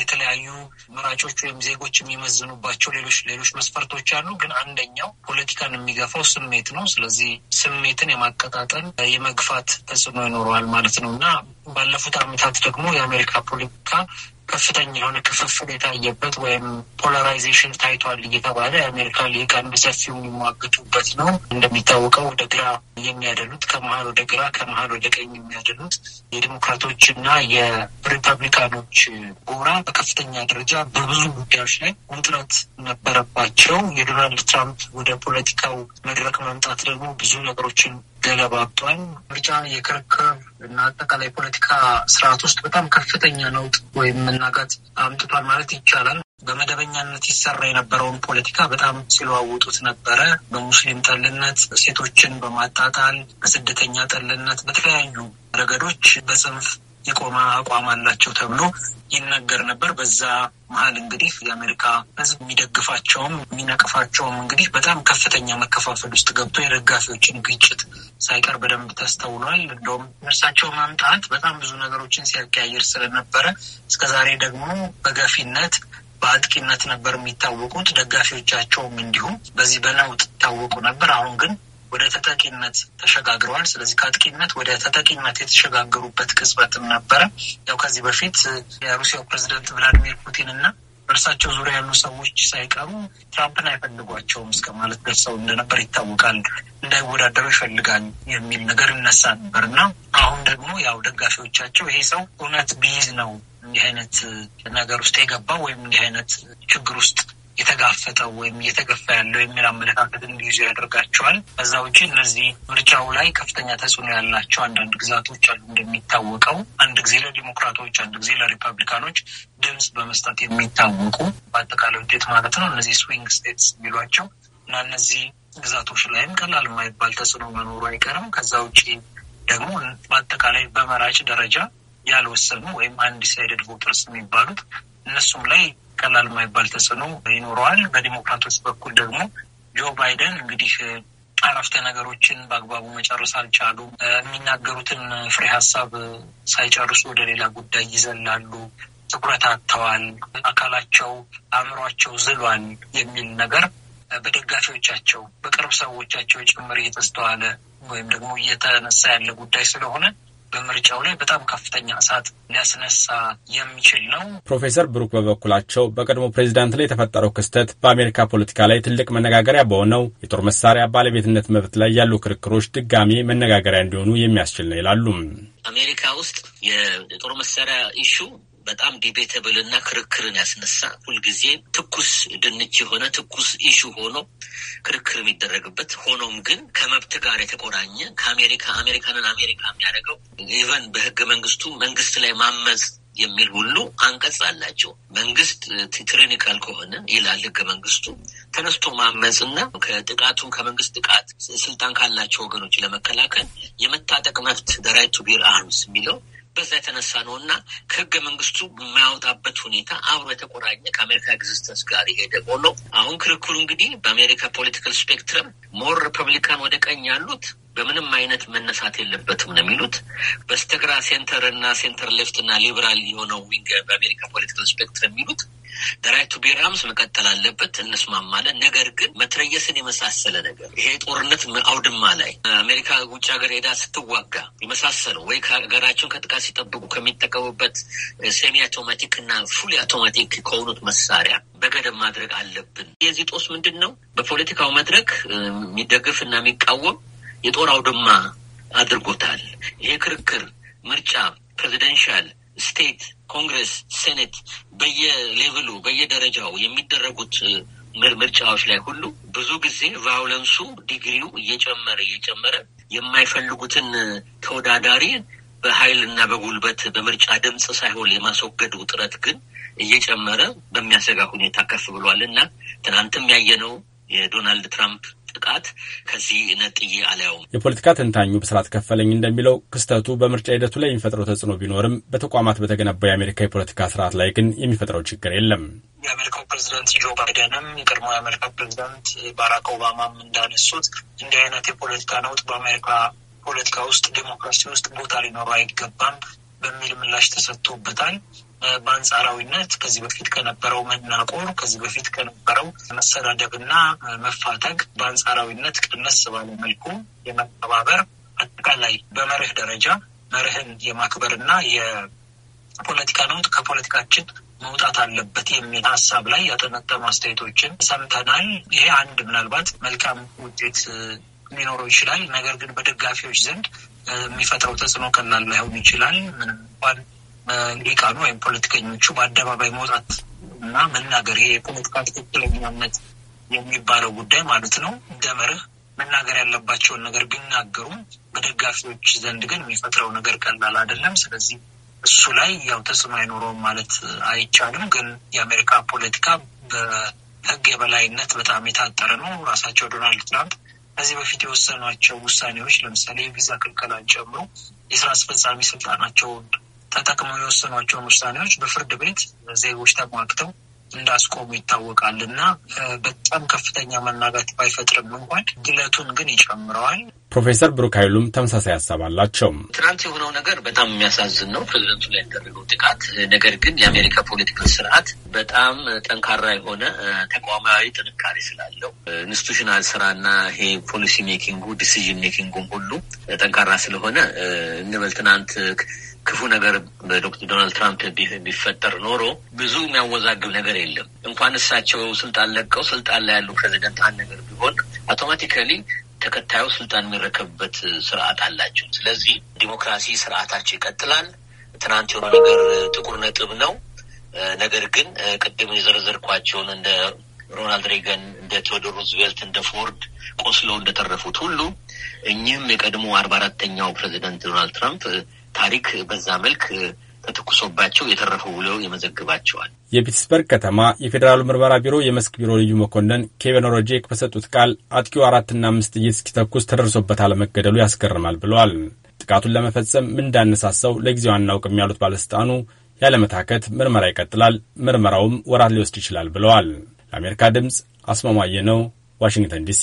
የተለያዩ መራጮች ወይም ዜጎች የሚመዝኑባቸው ሌሎች ሌሎች መስፈርቶች አሉ። ግን አንደኛው ፖለቲካን የሚገፋው ስሜት ነው። ስለዚህ ስሜትን የማቀጣጠል የመግፋት ተጽዕኖ ይኖረዋል ማለት ነው እና ባለፉት ዓመታት ደግሞ የአሜሪካ ፖለቲካ ከፍተኛ የሆነ ክፍፍል የታየበት ወይም ፖላራይዜሽን ታይቷል እየተባለ የአሜሪካ ሊቃን በሰፊው የሚሟግቱበት ነው። እንደሚታወቀው ወደ ግራ የሚያደሉት ከመሀል ወደ ግራ፣ ከመሀል ወደ ቀኝ የሚያደሉት የዲሞክራቶች እና የሪፐብሊካኖች ጎራ በከፍተኛ ደረጃ በብዙ ጉዳዮች ላይ ውጥረት ነበረባቸው። የዶናልድ ትራምፕ ወደ ፖለቲካው መድረክ መምጣት ደግሞ ብዙ ነገሮችን ገለባባን ምርጫ የክርክር እና አጠቃላይ ፖለቲካ ስርዓት ውስጥ በጣም ከፍተኛ ነውጥ
ወይም መናጋት
አምጥቷል ማለት ይቻላል። በመደበኛነት ይሰራ የነበረውን ፖለቲካ በጣም ሲለዋውጡት ነበረ። በሙስሊም ጠልነት፣ ሴቶችን በማጣጣል፣ በስደተኛ ጠልነት፣ በተለያዩ ረገዶች በጽንፍ የቆመ አቋም አላቸው ተብሎ ይነገር ነበር። በዛ መሀል እንግዲህ የአሜሪካ ሕዝብ የሚደግፋቸውም የሚነቅፋቸውም እንግዲህ በጣም ከፍተኛ መከፋፈል ውስጥ ገብቶ የደጋፊዎችን ግጭት ሳይቀር በደንብ ተስተውሏል። እንደውም እርሳቸው መምጣት በጣም ብዙ ነገሮችን ሲያቀያየር ስለነበረ እስከዛሬ ደግሞ በገፊነት በአጥቂነት ነበር የሚታወቁት። ደጋፊዎቻቸውም እንዲሁም በዚህ በነውጥ ይታወቁ ነበር። አሁን ግን ወደ ተጠቂነት ተሸጋግረዋል። ስለዚህ ከአጥቂነት ወደ ተጠቂነት የተሸጋገሩበት ቅጽበትም ነበረ። ያው ከዚህ በፊት የሩሲያው ፕሬዚደንት ቭላዲሚር ፑቲን እና በእርሳቸው ዙሪያ ያሉ ሰዎች ሳይቀሩ ትራምፕን አይፈልጓቸውም እስከ ማለት ደርሰው እንደነበር ይታወቃል። እንዳይወዳደሩ ይፈልጋል የሚል ነገር ይነሳ ነበር እና አሁን ደግሞ ያው ደጋፊዎቻቸው ይሄ ሰው እውነት ቢይዝ ነው እንዲህ አይነት ነገር ውስጥ የገባው ወይም እንዲህ አይነት ችግር ውስጥ የተጋፈጠው ወይም እየተገፋ ያለው የሚል አመለካከት እንዲይዙ ያደርጋቸዋል። ከዛ ውጭ እነዚህ ምርጫው ላይ ከፍተኛ ተጽዕኖ ያላቸው አንዳንድ ግዛቶች አሉ። እንደሚታወቀው አንድ ጊዜ ለዲሞክራቶች፣ አንድ ጊዜ ለሪፐብሊካኖች ድምፅ በመስጠት የሚታወቁ በአጠቃላይ ውጤት ማለት ነው እነዚህ ስዊንግ ስቴትስ የሚሏቸው እና እነዚህ ግዛቶች ላይም ቀላል የማይባል ተጽዕኖ መኖሩ አይቀርም። ከዛ ውጭ ደግሞ በአጠቃላይ በመራጭ ደረጃ ያልወሰኑ ወይም አንዲሳይደድ ቮተርስ የሚባሉት እነሱም ላይ ቀላል የማይባል ተጽዕኖ ይኖረዋል። በዲሞክራቶች በኩል ደግሞ ጆ ባይደን እንግዲህ አረፍተ ነገሮችን በአግባቡ መጨረስ አልቻሉም። የሚናገሩትን ፍሬ ሀሳብ ሳይጨርሱ ወደ ሌላ ጉዳይ ይዘላሉ። ትኩረት አጥተዋል፣ አካላቸው አእምሯቸው ዝሏል የሚል ነገር በደጋፊዎቻቸው በቅርብ ሰዎቻቸው ጭምር እየተስተዋለ ወይም ደግሞ እየተነሳ ያለ ጉዳይ ስለሆነ በምርጫው ላይ በጣም ከፍተኛ እሳት ሊያስነሳ የሚችል ነው።
ፕሮፌሰር ብሩክ በበኩላቸው በቀድሞ ፕሬዚዳንት ላይ የተፈጠረው ክስተት በአሜሪካ ፖለቲካ ላይ ትልቅ መነጋገሪያ በሆነው የጦር መሳሪያ ባለቤትነት መብት ላይ ያሉ ክርክሮች ድጋሜ መነጋገሪያ እንዲሆኑ የሚያስችል ነው ይላሉ።
አሜሪካ ውስጥ የጦር መሳሪያ ኢሹ በጣም ዲቤተብል እና ክርክርን ያስነሳ ሁልጊዜ ትኩስ ድንች የሆነ ትኩስ ኢሹ ሆኖ ክርክር የሚደረግበት ሆኖም ግን ከመብት ጋር የተቆራኘ ከአሜሪካ አሜሪካንን አሜሪካ የሚያደርገው ኢቨን በህገ መንግስቱ መንግስት ላይ ማመፅ የሚል ሁሉ አንቀጽ አላቸው። መንግስት ትሪኒካል ከሆነ ይላል ህገ መንግስቱ ተነስቶ ማመፅና ከጥቃቱ ከመንግስት ጥቃት ስልጣን ካላቸው ወገኖች ለመከላከል የመታጠቅ መብት ዘ ራይት ቱ ቢር አርምስ የሚለው በዛ የተነሳ ነው እና ከህገ መንግስቱ የማያወጣበት ሁኔታ አብሮ የተቆራኘ ከአሜሪካ ኤግዚስተንስ ጋር የሄደ ሆኖ አሁን ክርክሩ እንግዲህ በአሜሪካ ፖለቲካል ስፔክትረም ሞር ሪፐብሊካን ወደ ቀኝ ያሉት በምንም አይነት መነሳት የለበትም ነው የሚሉት። በስተግራ ሴንተር እና ሴንተር ሌፍት እና ሊበራል የሆነው ዊንግ በአሜሪካ ፖለቲካል ስፔክትረም የሚሉት ራይቱ ቢራምስ መቀጠል አለበት፣ እንስማማለን። ነገር ግን መትረየስን የመሳሰለ ነገር ይሄ ጦርነት አውድማ ላይ አሜሪካ ውጭ ሀገር ሄዳ ስትዋጋ የመሳሰለው ወይ ከሀገራቸውን ከጥቃት ሲጠብቁ ከሚጠቀሙበት ሴሚ አውቶማቲክ እና ፉል አውቶማቲክ ከሆኑት መሳሪያ በገደብ ማድረግ አለብን። የዚህ ጦስ ምንድን ነው? በፖለቲካው መድረክ የሚደግፍ እና የሚቃወም የጦር አውድማ አድርጎታል። ይሄ ክርክር ምርጫ፣ ፕሬዚደንሻል ስቴት ኮንግረስ፣ ሴኔት በየሌቭሉ በየደረጃው የሚደረጉት ምርጫዎች ላይ ሁሉ ብዙ ጊዜ ቫዮለንሱ ዲግሪው እየጨመረ እየጨመረ የማይፈልጉትን ተወዳዳሪ በኃይል እና በጉልበት በምርጫ ድምፅ ሳይሆን የማስወገዱ ጥረት ግን እየጨመረ በሚያሰጋ ሁኔታ ከፍ ብሏል እና ትናንትም ያየነው የዶናልድ ትራምፕ ጥቃት ከዚህ
ነጥዬ አላየውም። የፖለቲካ ተንታኙ ብስራት ከፈለኝ እንደሚለው ክስተቱ በምርጫ ሂደቱ ላይ የሚፈጥረው ተጽዕኖ ቢኖርም በተቋማት በተገነባው የአሜሪካ የፖለቲካ ስርዓት ላይ ግን የሚፈጥረው ችግር የለም። የአሜሪካው ፕሬዚደንት ጆ ባይደንም የቀድሞ የአሜሪካ ፕሬዚደንት ባራክ
ኦባማም እንዳነሱት እንዲህ አይነት የፖለቲካ ነውጥ በአሜሪካ ፖለቲካ ውስጥ ዴሞክራሲ ውስጥ ቦታ ሊኖረው አይገባም በሚል ምላሽ ተሰጥቶበታል። በአንጻራዊነት ከዚህ በፊት ከነበረው መናቆር፣ ከዚህ በፊት ከነበረው መሰዳደብና መፋተግ በአንጻራዊነት ቀነስ ባለ መልኩ የመተባበር አጠቃላይ በመርህ ደረጃ መርህን የማክበርና የፖለቲካ ነውጥ ከፖለቲካችን መውጣት አለበት የሚል ሀሳብ ላይ ያጠነጠኑ አስተያየቶችን ሰምተናል። ይሄ አንድ ምናልባት መልካም ውጤት ሊኖረው ይችላል። ነገር ግን በደጋፊዎች ዘንድ የሚፈጥረው ተጽዕኖ ቀላል ላይሆን ይችላል። ምንም እንኳን ሊቃኑ ወይም ፖለቲከኞቹ በአደባባይ መውጣት እና መናገር ይሄ የፖለቲካ ትክክለኛነት የሚባለው ጉዳይ ማለት ነው እንደመርህ መናገር ያለባቸውን ነገር ቢናገሩም በደጋፊዎች ዘንድ ግን የሚፈጥረው ነገር ቀላል አይደለም። ስለዚህ እሱ ላይ ያው ተጽዕኖ አይኖረውም ማለት አይቻልም። ግን የአሜሪካ ፖለቲካ በሕግ የበላይነት በጣም የታጠረ ነው። ራሳቸው ዶናልድ ትራምፕ ከዚህ በፊት የወሰኗቸው ውሳኔዎች ለምሳሌ የቪዛ ክልከላን ጨምሮ የስራ አስፈጻሚ ስልጣናቸውን ተጠቅመው የወሰኗቸውን ውሳኔዎች በፍርድ ቤት ዜጎች ተሟግተው እንዳስቆሙ ይታወቃል እና በጣም ከፍተኛ መናጋት ባይፈጥርም እንኳን ግለቱን ግን ይጨምረዋል።
ፕሮፌሰር ብሩክ ኃይሉም ተመሳሳይ ሀሳብ አላቸው። ትናንት የሆነው ነገር በጣም የሚያሳዝን ነው፣ ፕሬዚደንቱ ላይ ያደረገው ጥቃት። ነገር ግን የአሜሪካ
ፖለቲካል ስርዓት በጣም ጠንካራ የሆነ ተቋማዊ ጥንካሬ ስላለው ኢንስቲቱሽናል ስራና ይሄ ፖሊሲ ሜኪንጉ ዲሲዥን ሜኪንጉም ሁሉ ጠንካራ ስለሆነ እንበል ትናንት ክፉ ነገር በዶክተር ዶናልድ ትራምፕ ቢፈጠር ኖሮ ብዙ የሚያወዛግብ ነገር የለም። እንኳን እሳቸው ስልጣን ለቀው ስልጣን ላይ ያሉ ፕሬዚደንት አንድ ነገር ቢሆን አውቶማቲካሊ ተከታዩ ስልጣን የሚረከብበት ስርዓት አላቸው። ስለዚህ ዲሞክራሲ ስርዓታቸው ይቀጥላል። ትናንት የሆነ ነገር ጥቁር ነጥብ ነው። ነገር ግን ቅድም የዘረዘርኳቸውን እንደ ሮናልድ ሬገን፣ እንደ ቴዎዶር ሩዝቬልት፣ እንደ ፎርድ ቆስለው እንደተረፉት ሁሉ እኚህም የቀድሞ አርባ አራተኛው ፕሬዚደንት ዶናልድ ትራምፕ ታሪክ በዛ መልክ ተተኩሶባቸው የተረፉ ብለው ይመዘግባቸዋል።
የፒትስበርግ ከተማ የፌዴራሉ ምርመራ ቢሮ የመስክ ቢሮ ልዩ መኮንን ኬቨን ሮጄክ በሰጡት ቃል አጥቂው አራትና አምስት ጥይት እስኪተኩስ ተደርሶበት አለመገደሉ ያስገርማል ብለዋል። ጥቃቱን ለመፈጸም ምን እንዳነሳሳው ለጊዜው አናውቅም ያሉት ባለስልጣኑ ያለመታከት ምርመራ ይቀጥላል፣ ምርመራውም ወራት ሊወስድ ይችላል ብለዋል። ለአሜሪካ ድምፅ አስማማየ ነው፣ ዋሽንግተን ዲሲ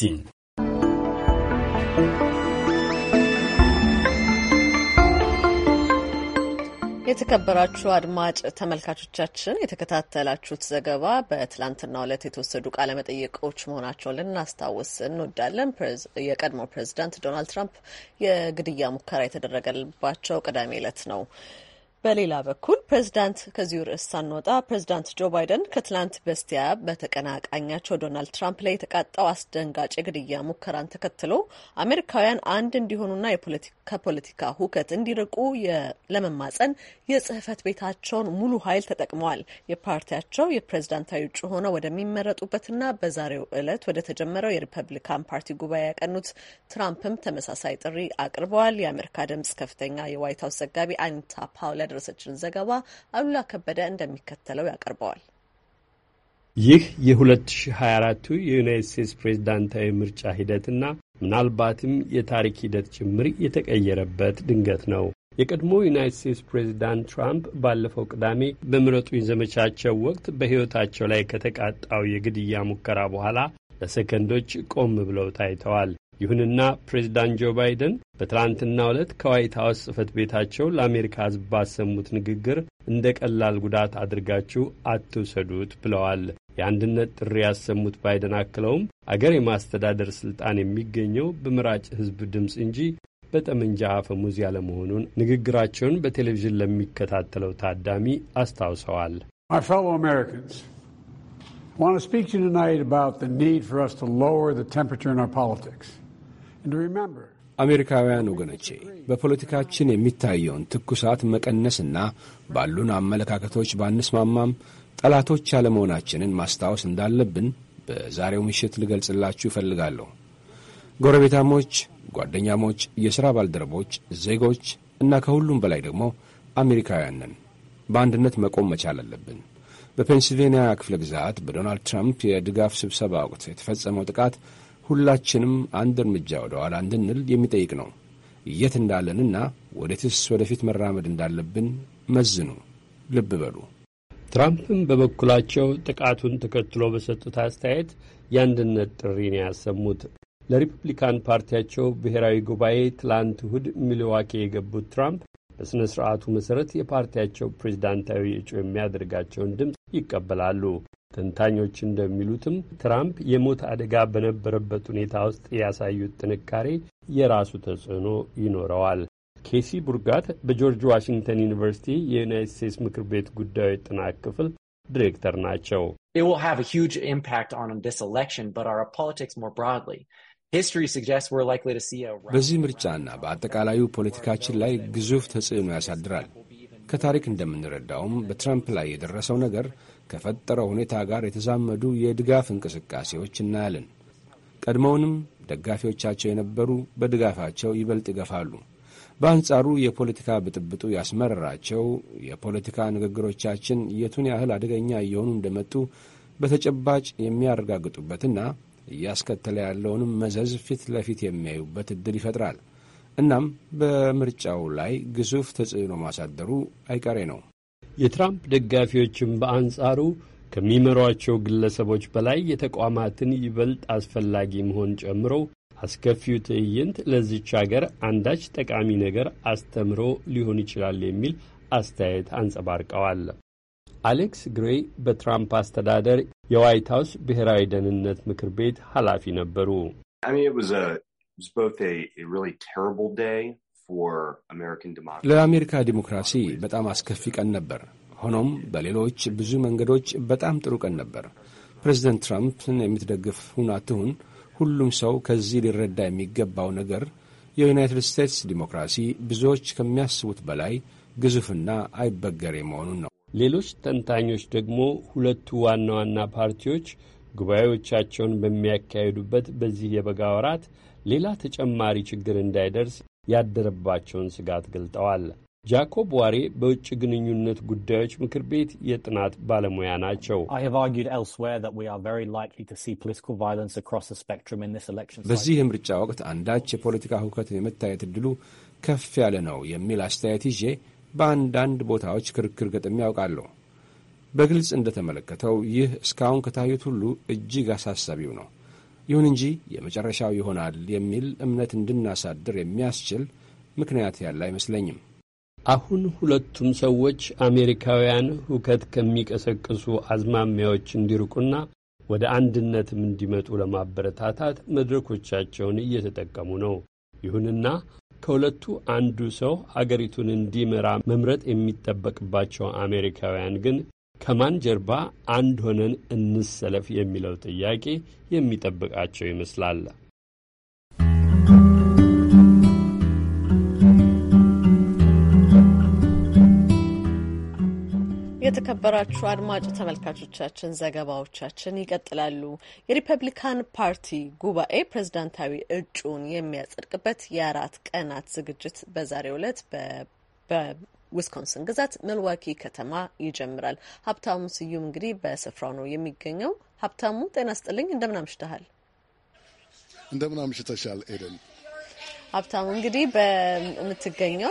የተከበራችሁ አድማጭ ተመልካቾቻችን የተከታተላችሁት ዘገባ በትላንትናው ዕለት የተወሰዱ ቃለመጠይቆች መሆናቸውን ልናስታውስ እንወዳለን። የቀድሞ ፕሬዚዳንት ዶናልድ ትራምፕ የግድያ ሙከራ የተደረገባቸው ቅዳሜ ዕለት ነው። በሌላ በኩል ፕሬዚዳንት ከዚሁ ርዕስ ሳንወጣ ፕሬዚዳንት ጆ ባይደን ከትላንት በስቲያ በተቀናቃኛቸው ዶናልድ ትራምፕ ላይ የተቃጣው አስደንጋጭ የግድያ ሙከራን ተከትሎ አሜሪካውያን አንድ እንዲሆኑና ከፖለቲካ ሁከት እንዲርቁ ለመማጸን የጽህፈት ቤታቸውን ሙሉ ኃይል ተጠቅመዋል። የፓርቲያቸው የፕሬዚዳንታዊ እጩ ሆነው ወደሚመረጡበትና በዛሬው ዕለት ወደ ተጀመረው የሪፐብሊካን ፓርቲ ጉባኤ ያቀኑት ትራምፕም ተመሳሳይ ጥሪ አቅርበዋል። የአሜሪካ ድምጽ ከፍተኛ የዋይት ሀውስ ዘጋቢ አኒታ ፓውለር ያደረሰችን ዘገባ አሉላ ከበደ እንደሚከተለው ያቀርበዋል።
ይህ የ2024ቱ የዩናይት ስቴትስ ፕሬዝዳንታዊ ምርጫ ሂደትና ምናልባትም የታሪክ ሂደት ጭምር የተቀየረበት ድንገት ነው። የቀድሞ ዩናይት ስቴትስ ፕሬዚዳንት ትራምፕ ባለፈው ቅዳሜ በምረጡኝ ዘመቻቸው ወቅት በሕይወታቸው ላይ ከተቃጣው የግድያ ሙከራ በኋላ ለሰከንዶች ቆም ብለው ታይተዋል። ይሁንና ፕሬዚዳንት ጆ ባይደን በትላንትና ዕለት ከዋይት ሀውስ ጽህፈት ቤታቸው ለአሜሪካ ሕዝብ ባሰሙት ንግግር እንደ ቀላል ጉዳት አድርጋችሁ አትውሰዱት ብለዋል። የአንድነት ጥሪ ያሰሙት ባይደን አክለውም አገር የማስተዳደር ስልጣን የሚገኘው በመራጭ ሕዝብ ድምፅ እንጂ በጠመንጃ አፈሙዝ ያለመሆኑን ንግግራቸውን በቴሌቪዥን ለሚከታተለው ታዳሚ አስታውሰዋል። I want to speak to you tonight about the need for us to lower the temperature in our politics.
አሜሪካውያን ወገኖቼ በፖለቲካችን የሚታየውን ትኩሳት መቀነስና ባሉን አመለካከቶች ባንስማማም ጠላቶች አለመሆናችንን ማስታወስ እንዳለብን በዛሬው ምሽት ልገልጽላችሁ እፈልጋለሁ። ጎረቤታሞች፣ ጓደኛሞች፣ የሥራ ባልደረቦች፣ ዜጎች እና ከሁሉም በላይ ደግሞ አሜሪካውያን ነን። በአንድነት መቆም መቻል አለብን። በፔንስልቬንያ ክፍለ ግዛት በዶናልድ ትራምፕ የድጋፍ ስብሰባ ወቅት የተፈጸመው ጥቃት ሁላችንም አንድ እርምጃ ወደ ኋላ እንድንል የሚጠይቅ ነው። የት እንዳለንና ወደትስ ወደፊት መራመድ እንዳለብን መዝኑ፣ ልብ
በሉ። ትራምፕም በበኩላቸው ጥቃቱን ተከትሎ በሰጡት አስተያየት የአንድነት ጥሪ ነው ያሰሙት። ለሪፐብሊካን ፓርቲያቸው ብሔራዊ ጉባኤ ትላንት እሁድ ሚልዋኪ የገቡት ትራምፕ በሥነ ሥርዓቱ መሠረት የፓርቲያቸው ፕሬዝዳንታዊ እጩ የሚያደርጋቸውን ድምፅ ይቀበላሉ። ተንታኞች እንደሚሉትም ትራምፕ የሞት አደጋ በነበረበት ሁኔታ ውስጥ ያሳዩት ጥንካሬ የራሱ ተጽዕኖ ይኖረዋል። ኬሲ ቡርጋት በጆርጅ ዋሽንግተን ዩኒቨርሲቲ የዩናይትድ ስቴትስ ምክር ቤት ጉዳዮች ጥናት ክፍል ዲሬክተር ናቸው። በዚህ ምርጫና በአጠቃላዩ
ፖለቲካችን ላይ ግዙፍ ተጽዕኖ ያሳድራል። ከታሪክ እንደምንረዳውም በትራምፕ ላይ የደረሰው ነገር ከፈጠረው ሁኔታ ጋር የተዛመዱ የድጋፍ እንቅስቃሴዎች እናያለን። ቀድሞውንም ደጋፊዎቻቸው የነበሩ በድጋፋቸው ይበልጥ ይገፋሉ። በአንጻሩ የፖለቲካ ብጥብጡ ያስመረራቸው የፖለቲካ ንግግሮቻችን የቱን ያህል አደገኛ እየሆኑ እንደመጡ በተጨባጭ የሚያረጋግጡበትና እያስከተለ ያለውንም መዘዝ ፊት ለፊት የሚያዩበት እድል ይፈጥራል። እናም
በምርጫው ላይ ግዙፍ ተጽዕኖ ማሳደሩ አይቀሬ ነው። የትራምፕ ደጋፊዎችም በአንጻሩ ከሚመሯቸው ግለሰቦች በላይ የተቋማትን ይበልጥ አስፈላጊ መሆን ጨምሮ አስከፊው ትዕይንት ለዚች አገር አንዳች ጠቃሚ ነገር አስተምሮ ሊሆን ይችላል የሚል አስተያየት አንጸባርቀዋል። አሌክስ ግሬይ በትራምፕ አስተዳደር የዋይት ሀውስ ብሔራዊ ደህንነት ምክር ቤት ኃላፊ ነበሩ።
ለአሜሪካ ዲሞክራሲ በጣም አስከፊ ቀን ነበር። ሆኖም በሌሎች ብዙ መንገዶች በጣም ጥሩ ቀን ነበር። ፕሬዚደንት ትራምፕን የምትደግፍ ሁን አትሁን፣ ሁሉም ሰው ከዚህ ሊረዳ የሚገባው ነገር የዩናይትድ ስቴትስ ዲሞክራሲ
ብዙዎች ከሚያስቡት በላይ ግዙፍና አይበገሬ መሆኑን ነው። ሌሎች ተንታኞች ደግሞ ሁለቱ ዋና ዋና ፓርቲዎች ጉባኤዎቻቸውን በሚያካሂዱበት በዚህ የበጋ ወራት ሌላ ተጨማሪ ችግር እንዳይደርስ ያደረባቸውን ስጋት ገልጠዋል። ጃኮብ ዋሬ በውጭ ግንኙነት ጉዳዮች ምክር ቤት የጥናት ባለሙያ ናቸው።
በዚህ
የምርጫ ወቅት አንዳች የፖለቲካ ሁከት የመታየት እድሉ ከፍ ያለ ነው የሚል አስተያየት ይዤ በአንዳንድ ቦታዎች ክርክር ገጥሜ ያውቃለሁ። በግልጽ እንደተመለከተው ይህ እስካሁን ከታዩት ሁሉ እጅግ አሳሳቢው ነው። ይሁን እንጂ የመጨረሻው ይሆናል የሚል እምነት እንድናሳድር የሚያስችል ምክንያት
ያለ አይመስለኝም። አሁን ሁለቱም ሰዎች አሜሪካውያን ሁከት ከሚቀሰቅሱ አዝማሚያዎች እንዲርቁና ወደ አንድነትም እንዲመጡ ለማበረታታት መድረኮቻቸውን እየተጠቀሙ ነው። ይሁንና ከሁለቱ አንዱ ሰው አገሪቱን እንዲመራ መምረጥ የሚጠበቅባቸው አሜሪካውያን ግን ከማን ጀርባ አንድ ሆነን እንሰለፍ የሚለው ጥያቄ የሚጠብቃቸው ይመስላል።
የተከበራችሁ አድማጭ ተመልካቾቻችን ዘገባዎቻችን ይቀጥላሉ። የሪፐብሊካን ፓርቲ ጉባኤ ፕሬዝዳንታዊ እጩን የሚያጸድቅበት የአራት ቀናት ዝግጅት በዛሬው ዕለት ዊስኮንስን ግዛት ሚልዋኪ ከተማ ይጀምራል። ሀብታሙ ስዩም እንግዲህ በስፍራው ነው የሚገኘው። ሀብታሙ ጤና ስጥልኝ፣ እንደምን አምሽተሃል?
እንደምን አምሽተሻል ኤደን?
ሀብታሙ እንግዲህ በምትገኘው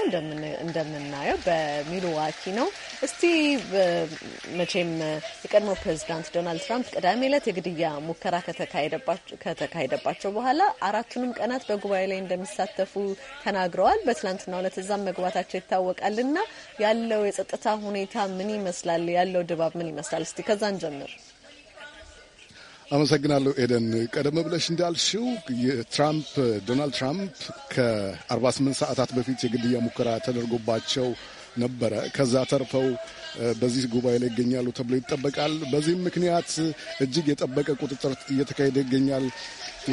እንደምናየው በሚልዋኪ ነው። እስቲ መቼም የቀድሞ ፕሬዚዳንት ዶናልድ ትራምፕ ቅዳሜ ዕለት የግድያ ሙከራ ከተካሄደባቸው በኋላ አራቱንም ቀናት በጉባኤ ላይ እንደሚሳተፉ ተናግረዋል። በትላንትና ዕለት እዛም መግባታቸው ይታወቃል። እና ያለው የጸጥታ ሁኔታ ምን ይመስላል? ያለው ድባብ ምን ይመስላል? እስቲ ከዛን ጀምር።
አመሰግናለሁ ኤደን። ቀደም ብለሽ እንዳልሽው የትራምፕ ዶናልድ ትራምፕ ከ48 ሰዓታት በፊት የግድያ ሙከራ ተደርጎባቸው ነበረ። ከዛ ተርፈው በዚህ ጉባኤ ላይ ይገኛሉ ተብሎ ይጠበቃል። በዚህም ምክንያት እጅግ የጠበቀ ቁጥጥር እየተካሄደ ይገኛል።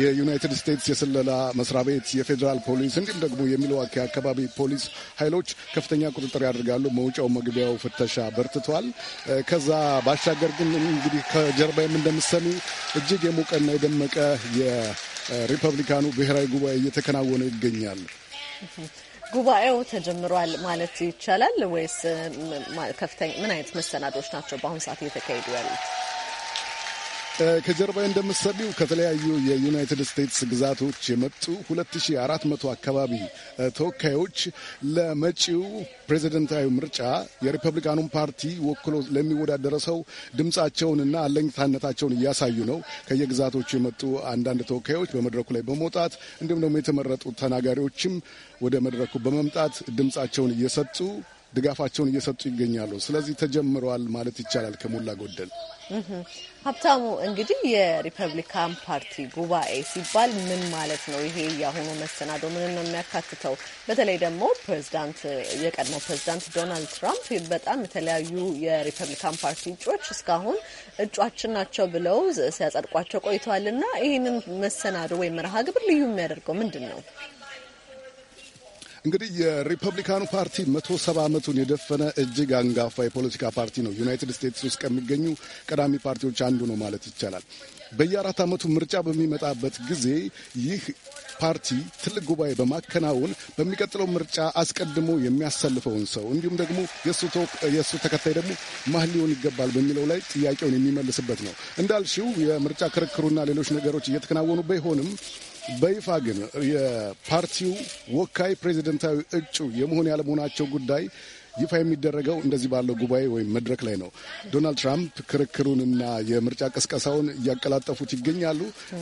የዩናይትድ ስቴትስ የስለላ መስሪያ ቤት፣ የፌዴራል ፖሊስ እንዲሁም ደግሞ የሚልዋኪ አካባቢ ፖሊስ ኃይሎች ከፍተኛ ቁጥጥር ያደርጋሉ። መውጫው መግቢያው ፍተሻ በርትቷል። ከዛ ባሻገር ግን እንግዲህ ከጀርባዬም እንደምሰሚ እጅግ የሞቀና የደመቀ የሪፐብሊካኑ ብሔራዊ ጉባኤ እየተከናወነ ይገኛል።
ጉባኤው ተጀምሯል ማለት ይቻላል ወይስ ከፍተኛ ምን አይነት መሰናዶች ናቸው በአሁኑ ሰዓት እየተካሄዱ ያሉት?
ከጀርባ እንደምትሰሚው ከተለያዩ የዩናይትድ ስቴትስ ግዛቶች የመጡ 2400 አካባቢ ተወካዮች ለመጪው ፕሬዚደንታዊ ምርጫ የሪፐብሊካኑን ፓርቲ ወክሎ ለሚወዳደረ ሰው ድምፃቸውንና አለኝታነታቸውን እያሳዩ ነው። ከየግዛቶቹ የመጡ አንዳንድ ተወካዮች በመድረኩ ላይ በመውጣት እንዲሁም ደግሞ የተመረጡ ተናጋሪዎችም ወደ መድረኩ በመምጣት ድምፃቸውን እየሰጡ ድጋፋቸውን እየሰጡ ይገኛሉ። ስለዚህ ተጀምረዋል ማለት ይቻላል ከሞላ ጎደል።
ሀብታሙ፣ እንግዲህ የሪፐብሊካን ፓርቲ ጉባኤ ሲባል ምን ማለት ነው? ይሄ የአሁኑ መሰናዶ ምን ነው የሚያካትተው? በተለይ ደግሞ ፕሬዚዳንት የቀድሞ ፕሬዚዳንት ዶናልድ ትራምፕ በጣም የተለያዩ የሪፐብሊካን ፓርቲ እጩዎች እስካሁን እጩችን ናቸው ብለው ሲያጸድቋቸው ቆይተዋል እና ይህንን መሰናዶ ወይም መርሃ ግብር ልዩ የሚያደርገው ምንድን ነው?
እንግዲህ የሪፐብሊካኑ ፓርቲ መቶ ሰባ ዓመቱን የደፈነ እጅግ አንጋፋ የፖለቲካ ፓርቲ ነው። ዩናይትድ ስቴትስ ውስጥ ከሚገኙ ቀዳሚ ፓርቲዎች አንዱ ነው ማለት ይቻላል። በየአራት ዓመቱ ምርጫ በሚመጣበት ጊዜ ይህ ፓርቲ ትልቅ ጉባኤ በማከናወን በሚቀጥለው ምርጫ አስቀድሞ የሚያሰልፈውን ሰው እንዲሁም ደግሞ የእሱ ተከታይ ደግሞ ማህ ሊሆን ይገባል በሚለው ላይ ጥያቄውን የሚመልስበት ነው። እንዳልሽው የምርጫ ክርክሩና ሌሎች ነገሮች እየተከናወኑ ባይሆንም በይፋ ግን የፓርቲው ወካይ ፕሬዚደንታዊ እጩ የመሆን ያለመሆናቸው ጉዳይ ይፋ የሚደረገው እንደዚህ ባለው ጉባኤ ወይም መድረክ ላይ ነው። ዶናልድ ትራምፕ ክርክሩንና የምርጫ ቅስቀሳውን እያቀላጠፉት ይገኛሉ።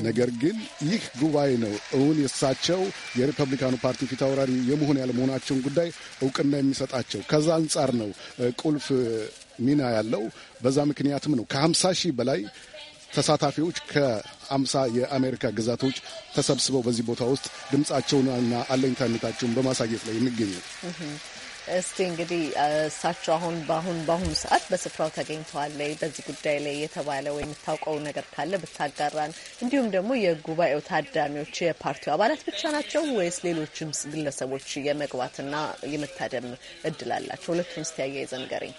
ነገር ግን ይህ ጉባኤ ነው እውን የሳቸው የሪፐብሊካኑ ፓርቲ ፊት አውራሪ የመሆን ያለመሆናቸውን ጉዳይ እውቅና የሚሰጣቸው ከዛ አንጻር ነው ቁልፍ ሚና ያለው። በዛ ምክንያትም ነው ከ50 ሺህ በላይ ተሳታፊዎች ከ አምሳ የአሜሪካ ግዛቶች ተሰብስበው በዚህ ቦታ ውስጥ ድምፃቸውንና አለኝታነታቸውን በማሳየት ላይ የሚገኙ
እስቲ እንግዲህ እሳቸው አሁን በአሁን በአሁኑ ሰዓት በስፍራው ተገኝተዋል በዚህ ጉዳይ ላይ የተባለ ወይም የምታውቀው ነገር ካለ ብታጋራን። እንዲሁም ደግሞ የጉባኤው ታዳሚዎች የፓርቲው አባላት ብቻ ናቸው ወይስ ሌሎችም ግለሰቦች የመግባትና የመታደም እድል አላቸው? ሁለቱን እስቲ አያይዘን ንገረኝ።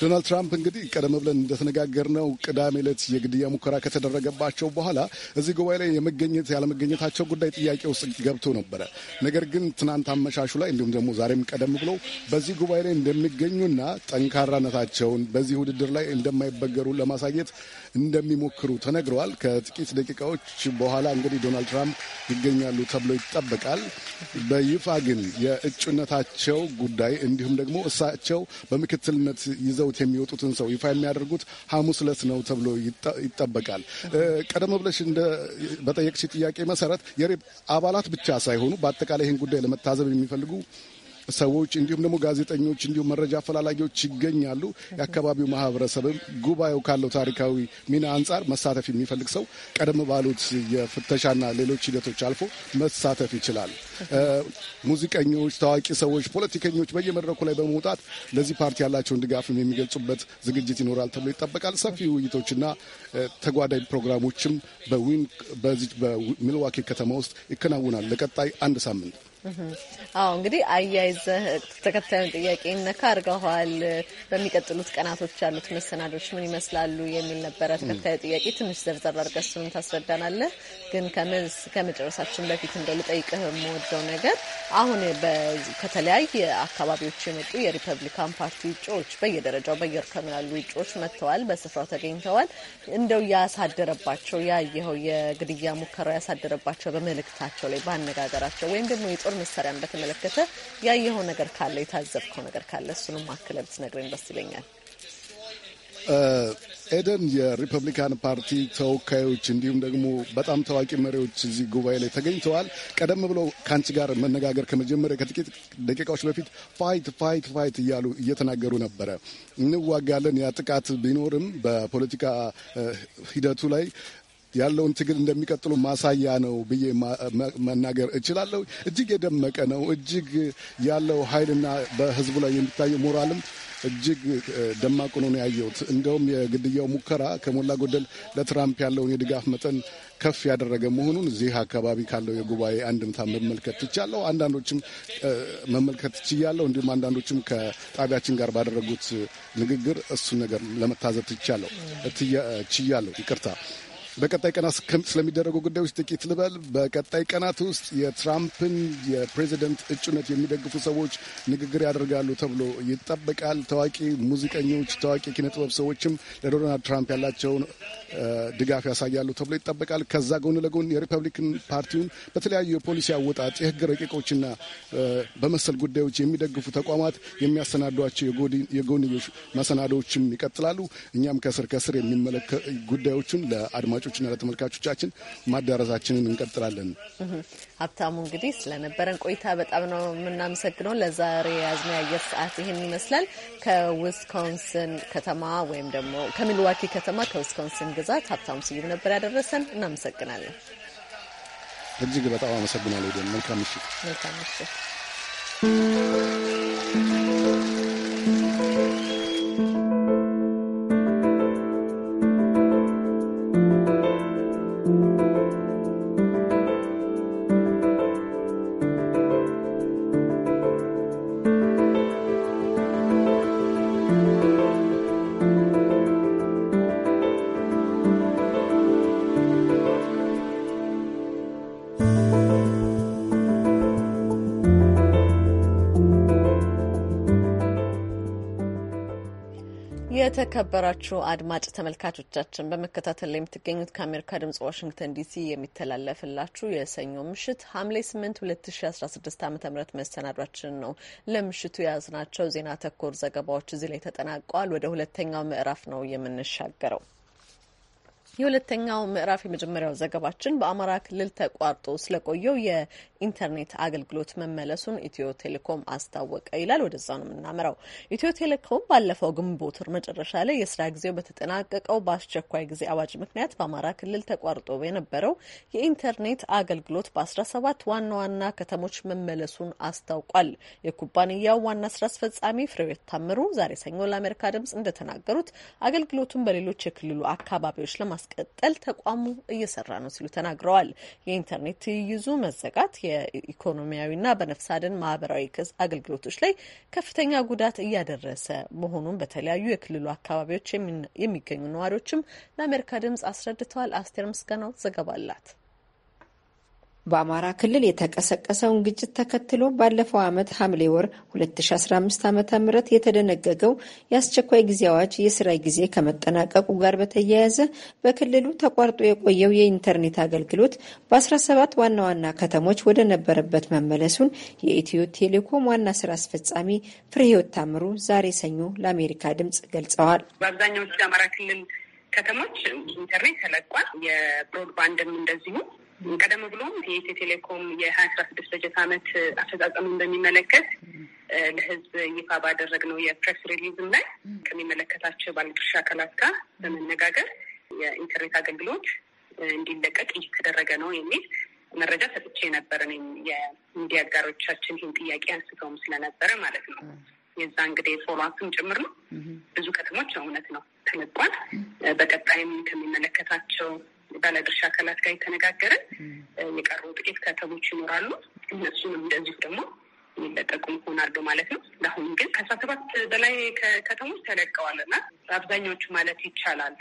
ዶናልድ ትራምፕ እንግዲህ ቀደም ብለን እንደተነጋገርነው ቅዳሜ ዕለት የግድያ ሙከራ ከተደረገባቸው በኋላ እዚህ ጉባኤ ላይ የመገኘት ያለመገኘታቸው ጉዳይ ጥያቄ ውስጥ ገብቶ ነበረ። ነገር ግን ትናንት አመሻሹ ላይ እንዲሁም ደግሞ ዛሬም ቀደም ብሎ በዚህ ጉባኤ ላይ እንደሚገኙና ጠንካራነታቸውን በዚህ ውድድር ላይ እንደማይበገሩ ለማሳየት እንደሚሞክሩ ተነግረዋል። ከጥቂት ደቂቃዎች በኋላ እንግዲህ ዶናልድ ትራምፕ ይገኛሉ ተብሎ ይጠበቃል። በይፋ ግን የእጩነታቸው ጉዳይ እንዲሁም ደግሞ እሳቸው በምክትል በምስክርነት ይዘውት የሚወጡትን ሰው ይፋ የሚያደርጉት ሐሙስ ዕለት ነው ተብሎ ይጠበቃል። ቀደም ብለሽ እንደ በጠየቅሽ ጥያቄ መሰረት የሬ አባላት ብቻ ሳይሆኑ በአጠቃላይ ይህን ጉዳይ ለመታዘብ የሚፈልጉ ሰዎች እንዲሁም ደግሞ ጋዜጠኞች እንዲሁም መረጃ አፈላላጊዎች ይገኛሉ። የአካባቢው ማህበረሰብም ጉባኤው ካለው ታሪካዊ ሚና አንጻር መሳተፍ የሚፈልግ ሰው ቀደም ባሉት የፍተሻና ሌሎች ሂደቶች አልፎ መሳተፍ ይችላል። ሙዚቀኞች፣ ታዋቂ ሰዎች፣ ፖለቲከኞች በየመድረኩ ላይ በመውጣት ለዚህ ፓርቲ ያላቸውን ድጋፍም የሚገልጹበት ዝግጅት ይኖራል ተብሎ ይጠበቃል። ሰፊ ውይይቶችና ተጓዳኝ ፕሮግራሞችም በዚህ በሚልዋኪ ከተማ ውስጥ ይከናውናል ለቀጣይ አንድ ሳምንት
አዎ እንግዲህ አያይዘህ ተከታዩን ጥያቄ ነካ አድርገዋል። በሚቀጥሉት ቀናቶች ያሉት መሰናዶች ምን ይመስላሉ የሚል ነበረ ተከታዩ ጥያቄ። ትንሽ ዘርዘር አድርገህ እሱንም ታስረዳናለህ። ግን ከመጨረሳችን በፊት እንደው ልጠይቅህ የምወደው ነገር አሁን ከተለያየ አካባቢዎች የመጡ የሪፐብሊካን ፓርቲ እጩዎች በየደረጃው በየእርከኑ ያሉ እጩዎች መጥተዋል፣ በስፍራው ተገኝተዋል። እንደው ያሳደረባቸው ያየኸው የግድያ ሙከራው ያሳደረባቸው በመልእክታቸው ላይ በአነጋገራቸው ወይም ደግሞ የጦር የጦር መሳሪያን በተመለከተ ያየኸው ነገር ካለ የታዘብከው ነገር ካለ እሱንም አክለህ ብትነግረኝ ደስ ይለኛል።
ኤደን፣ የሪፐብሊካን ፓርቲ ተወካዮች እንዲሁም ደግሞ በጣም ታዋቂ መሪዎች እዚህ ጉባኤ ላይ ተገኝተዋል። ቀደም ብሎ ከአንቺ ጋር መነጋገር ከመጀመሪያ ከጥቂት ደቂቃዎች በፊት ፋይት ፋይት ፋይት እያሉ እየተናገሩ ነበረ። እንዋጋለን ያ ጥቃት ቢኖርም በፖለቲካ ሂደቱ ላይ ያለውን ትግል እንደሚቀጥሉ ማሳያ ነው ብዬ መናገር እችላለሁ። እጅግ የደመቀ ነው። እጅግ ያለው ኃይልና በህዝቡ ላይ የሚታየው ሞራልም እጅግ ደማቅ ነው ያየሁት። እንደውም የግድያው ሙከራ ከሞላ ጎደል ለትራምፕ ያለውን የድጋፍ መጠን ከፍ ያደረገ መሆኑን እዚህ አካባቢ ካለው የጉባኤ አንድምታ መመልከት ትቻለሁ። አንዳንዶችም መመልከት ትችያለሁ። እንዲሁም አንዳንዶችም ከጣቢያችን ጋር ባደረጉት ንግግር እሱን ነገር ለመታዘብ ትቻለሁ ችያለሁ። ይቅርታ በቀጣይ ቀናት ስለሚደረጉ ጉዳዮች ጥቂት ልበል። በቀጣይ ቀናት ውስጥ የትራምፕን የፕሬዚደንት እጩነት የሚደግፉ ሰዎች ንግግር ያደርጋሉ ተብሎ ይጠበቃል። ታዋቂ ሙዚቀኞች፣ ታዋቂ ኪነጥበብ ሰዎችም ለዶናልድ ትራምፕ ያላቸውን ድጋፍ ያሳያሉ ተብሎ ይጠበቃል። ከዛ ጎን ለጎን የሪፐብሊካን ፓርቲውን በተለያዩ የፖሊሲ አወጣጥ፣ የህግ ረቂቆችና በመሰል ጉዳዮች የሚደግፉ ተቋማት የሚያሰናዷቸው የጎንዮሽ መሰናዶዎችም ይቀጥላሉ። እኛም ከስር ከስር ጉዳዮችን ለአድማጮ ለአድማጮችና ለተመልካቾቻችን ማዳረሳችንን እንቀጥላለን።
ሀብታሙ እንግዲህ ስለነበረን ቆይታ በጣም ነው የምናመሰግነው። ለዛሬ ያዝነው የአየር ሰዓት ይህን ይመስላል። ከዊስኮንስን ከተማ ወይም ደግሞ ከሚልዋኪ ከተማ ከዊስኮንስን ግዛት ሀብታሙ ስዩም ነበር ያደረሰን። እናመሰግናለን።
እጅግ በጣም አመሰግናለሁ። መልካም ምሽት።
መልካም ምሽት። የተከበራችሁ አድማጭ ተመልካቾቻችን በመከታተል ላይ የምትገኙት ከአሜሪካ ድምጽ ዋሽንግተን ዲሲ የሚተላለፍላችሁ የሰኞ ምሽት ሐምሌ 8 2016 ዓ ም መሰናዷችን ነው። ለምሽቱ የያዝናቸው ዜና ተኮር ዘገባዎች እዚህ ላይ ተጠናቀዋል። ወደ ሁለተኛው ምዕራፍ ነው የምንሻገረው። የሁለተኛው ምዕራፍ የመጀመሪያው ዘገባችን በአማራ ክልል ተቋርጦ ስለቆየው የኢንተርኔት አገልግሎት መመለሱን ኢትዮ ቴሌኮም አስታወቀ ይላል። ወደዛ ነው የምናመራው። ኢትዮ ቴሌኮም ባለፈው ግንቦት መጨረሻ ላይ የስራ ጊዜው በተጠናቀቀው በአስቸኳይ ጊዜ አዋጅ ምክንያት በአማራ ክልል ተቋርጦ የነበረው የኢንተርኔት አገልግሎት በ17 ዋና ዋና ከተሞች መመለሱን አስታውቋል። የኩባንያው ዋና ስራ አስፈጻሚ ፍሬሕይወት ታምሩ ዛሬ ሰኞ ለአሜሪካ ድምጽ እንደተናገሩት አገልግሎቱን በሌሎች የክልሉ አካባቢዎች ለማስ ለማስቀጠል ተቋሙ እየሰራ ነው ሲሉ ተናግረዋል። የኢንተርኔት ትይይዙ መዘጋት የኢኮኖሚያዊና በነፍስ አድን ማህበራዊ አገልግሎቶች ላይ ከፍተኛ ጉዳት እያደረሰ መሆኑን በተለያዩ የክልሉ አካባቢዎች የሚገኙ ነዋሪዎችም ለአሜሪካ ድምጽ አስረድተዋል። አስቴር ምስጋናው
ዘገባ አላት። በአማራ ክልል የተቀሰቀሰውን ግጭት ተከትሎ ባለፈው ዓመት ሐምሌ ወር 2015 ዓ ም የተደነገገው የአስቸኳይ ጊዜ አዋጅ የስራ ጊዜ ከመጠናቀቁ ጋር በተያያዘ በክልሉ ተቋርጦ የቆየው የኢንተርኔት አገልግሎት በ17 ዋና ዋና ከተሞች ወደ ነበረበት መመለሱን የኢትዮ ቴሌኮም ዋና ስራ አስፈጻሚ ፍሬህይወት ታምሩ ዛሬ ሰኞ ለአሜሪካ ድምጽ ገልጸዋል።
በአብዛኛዎቹ የአማራ ክልል ከተሞች ኢንተርኔት ተለቋል። የብሮድባንድም እንደዚሁ ቀደም ብሎም የኢትዮ ቴሌኮም የሀያ አስራ ስድስት በጀት አመት አፈጻጸሙን በሚመለከት ለህዝብ ይፋ ባደረግነው የፕሬስ ሪሊዝም ላይ ከሚመለከታቸው ባለድርሻ አካላት ጋር በመነጋገር የኢንተርኔት አገልግሎት እንዲለቀቅ እየተደረገ ነው የሚል መረጃ ሰጥቼ ነበር። እኔም የሚዲያ አጋሮቻችን ይህን ጥያቄ አንስተውም ስለነበረ ማለት ነው። የዛ እንግዲህ ፎሎአፕም ጭምር ነው። ብዙ ከተሞች እውነት ነው ተለቋል። በቀጣይም ከሚመለከታቸው ባለድርሻ አካላት ጋር የተነጋገርን የቀሩ ጥቂት ከተሞች ይኖራሉ። እነሱንም እንደዚሁ ደግሞ የሚለቀቁም ይሆናሉ ማለት ነው። ለአሁን ግን ከአስራ በላይ ከተሞች ተለቀዋልና አብዛኛዎቹ ማለት ይቻላል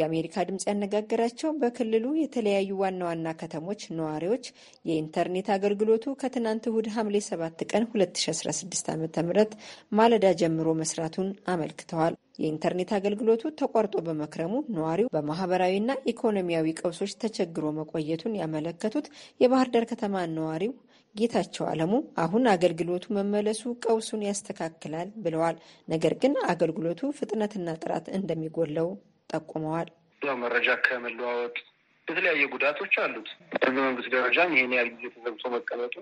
የአሜሪካ ድምጽ ያነጋገራቸው በክልሉ የተለያዩ ዋና ዋና ከተሞች ነዋሪዎች የኢንተርኔት አገልግሎቱ ከትናንት እሁድ ሐምሌ 7 ቀን 2016 ዓ ማለዳ ጀምሮ መስራቱን አመልክተዋል። የኢንተርኔት አገልግሎቱ ተቋርጦ በመክረሙ ነዋሪው በማህበራዊና ኢኮኖሚያዊ ቀውሶች ተቸግሮ መቆየቱን ያመለከቱት የባህር ዳር ከተማ ነዋሪው ጌታቸው አለሙ አሁን አገልግሎቱ መመለሱ ቀውሱን ያስተካክላል ብለዋል። ነገር ግን አገልግሎቱ ፍጥነትና ጥራት እንደሚጎለው ጠቁመዋል።
ያው መረጃ ከመለዋወጥ የተለያየ ጉዳቶች አሉት። መንግስት ደረጃም ይሄን ያህል ጊዜ ተዘግቶ መቀመጡ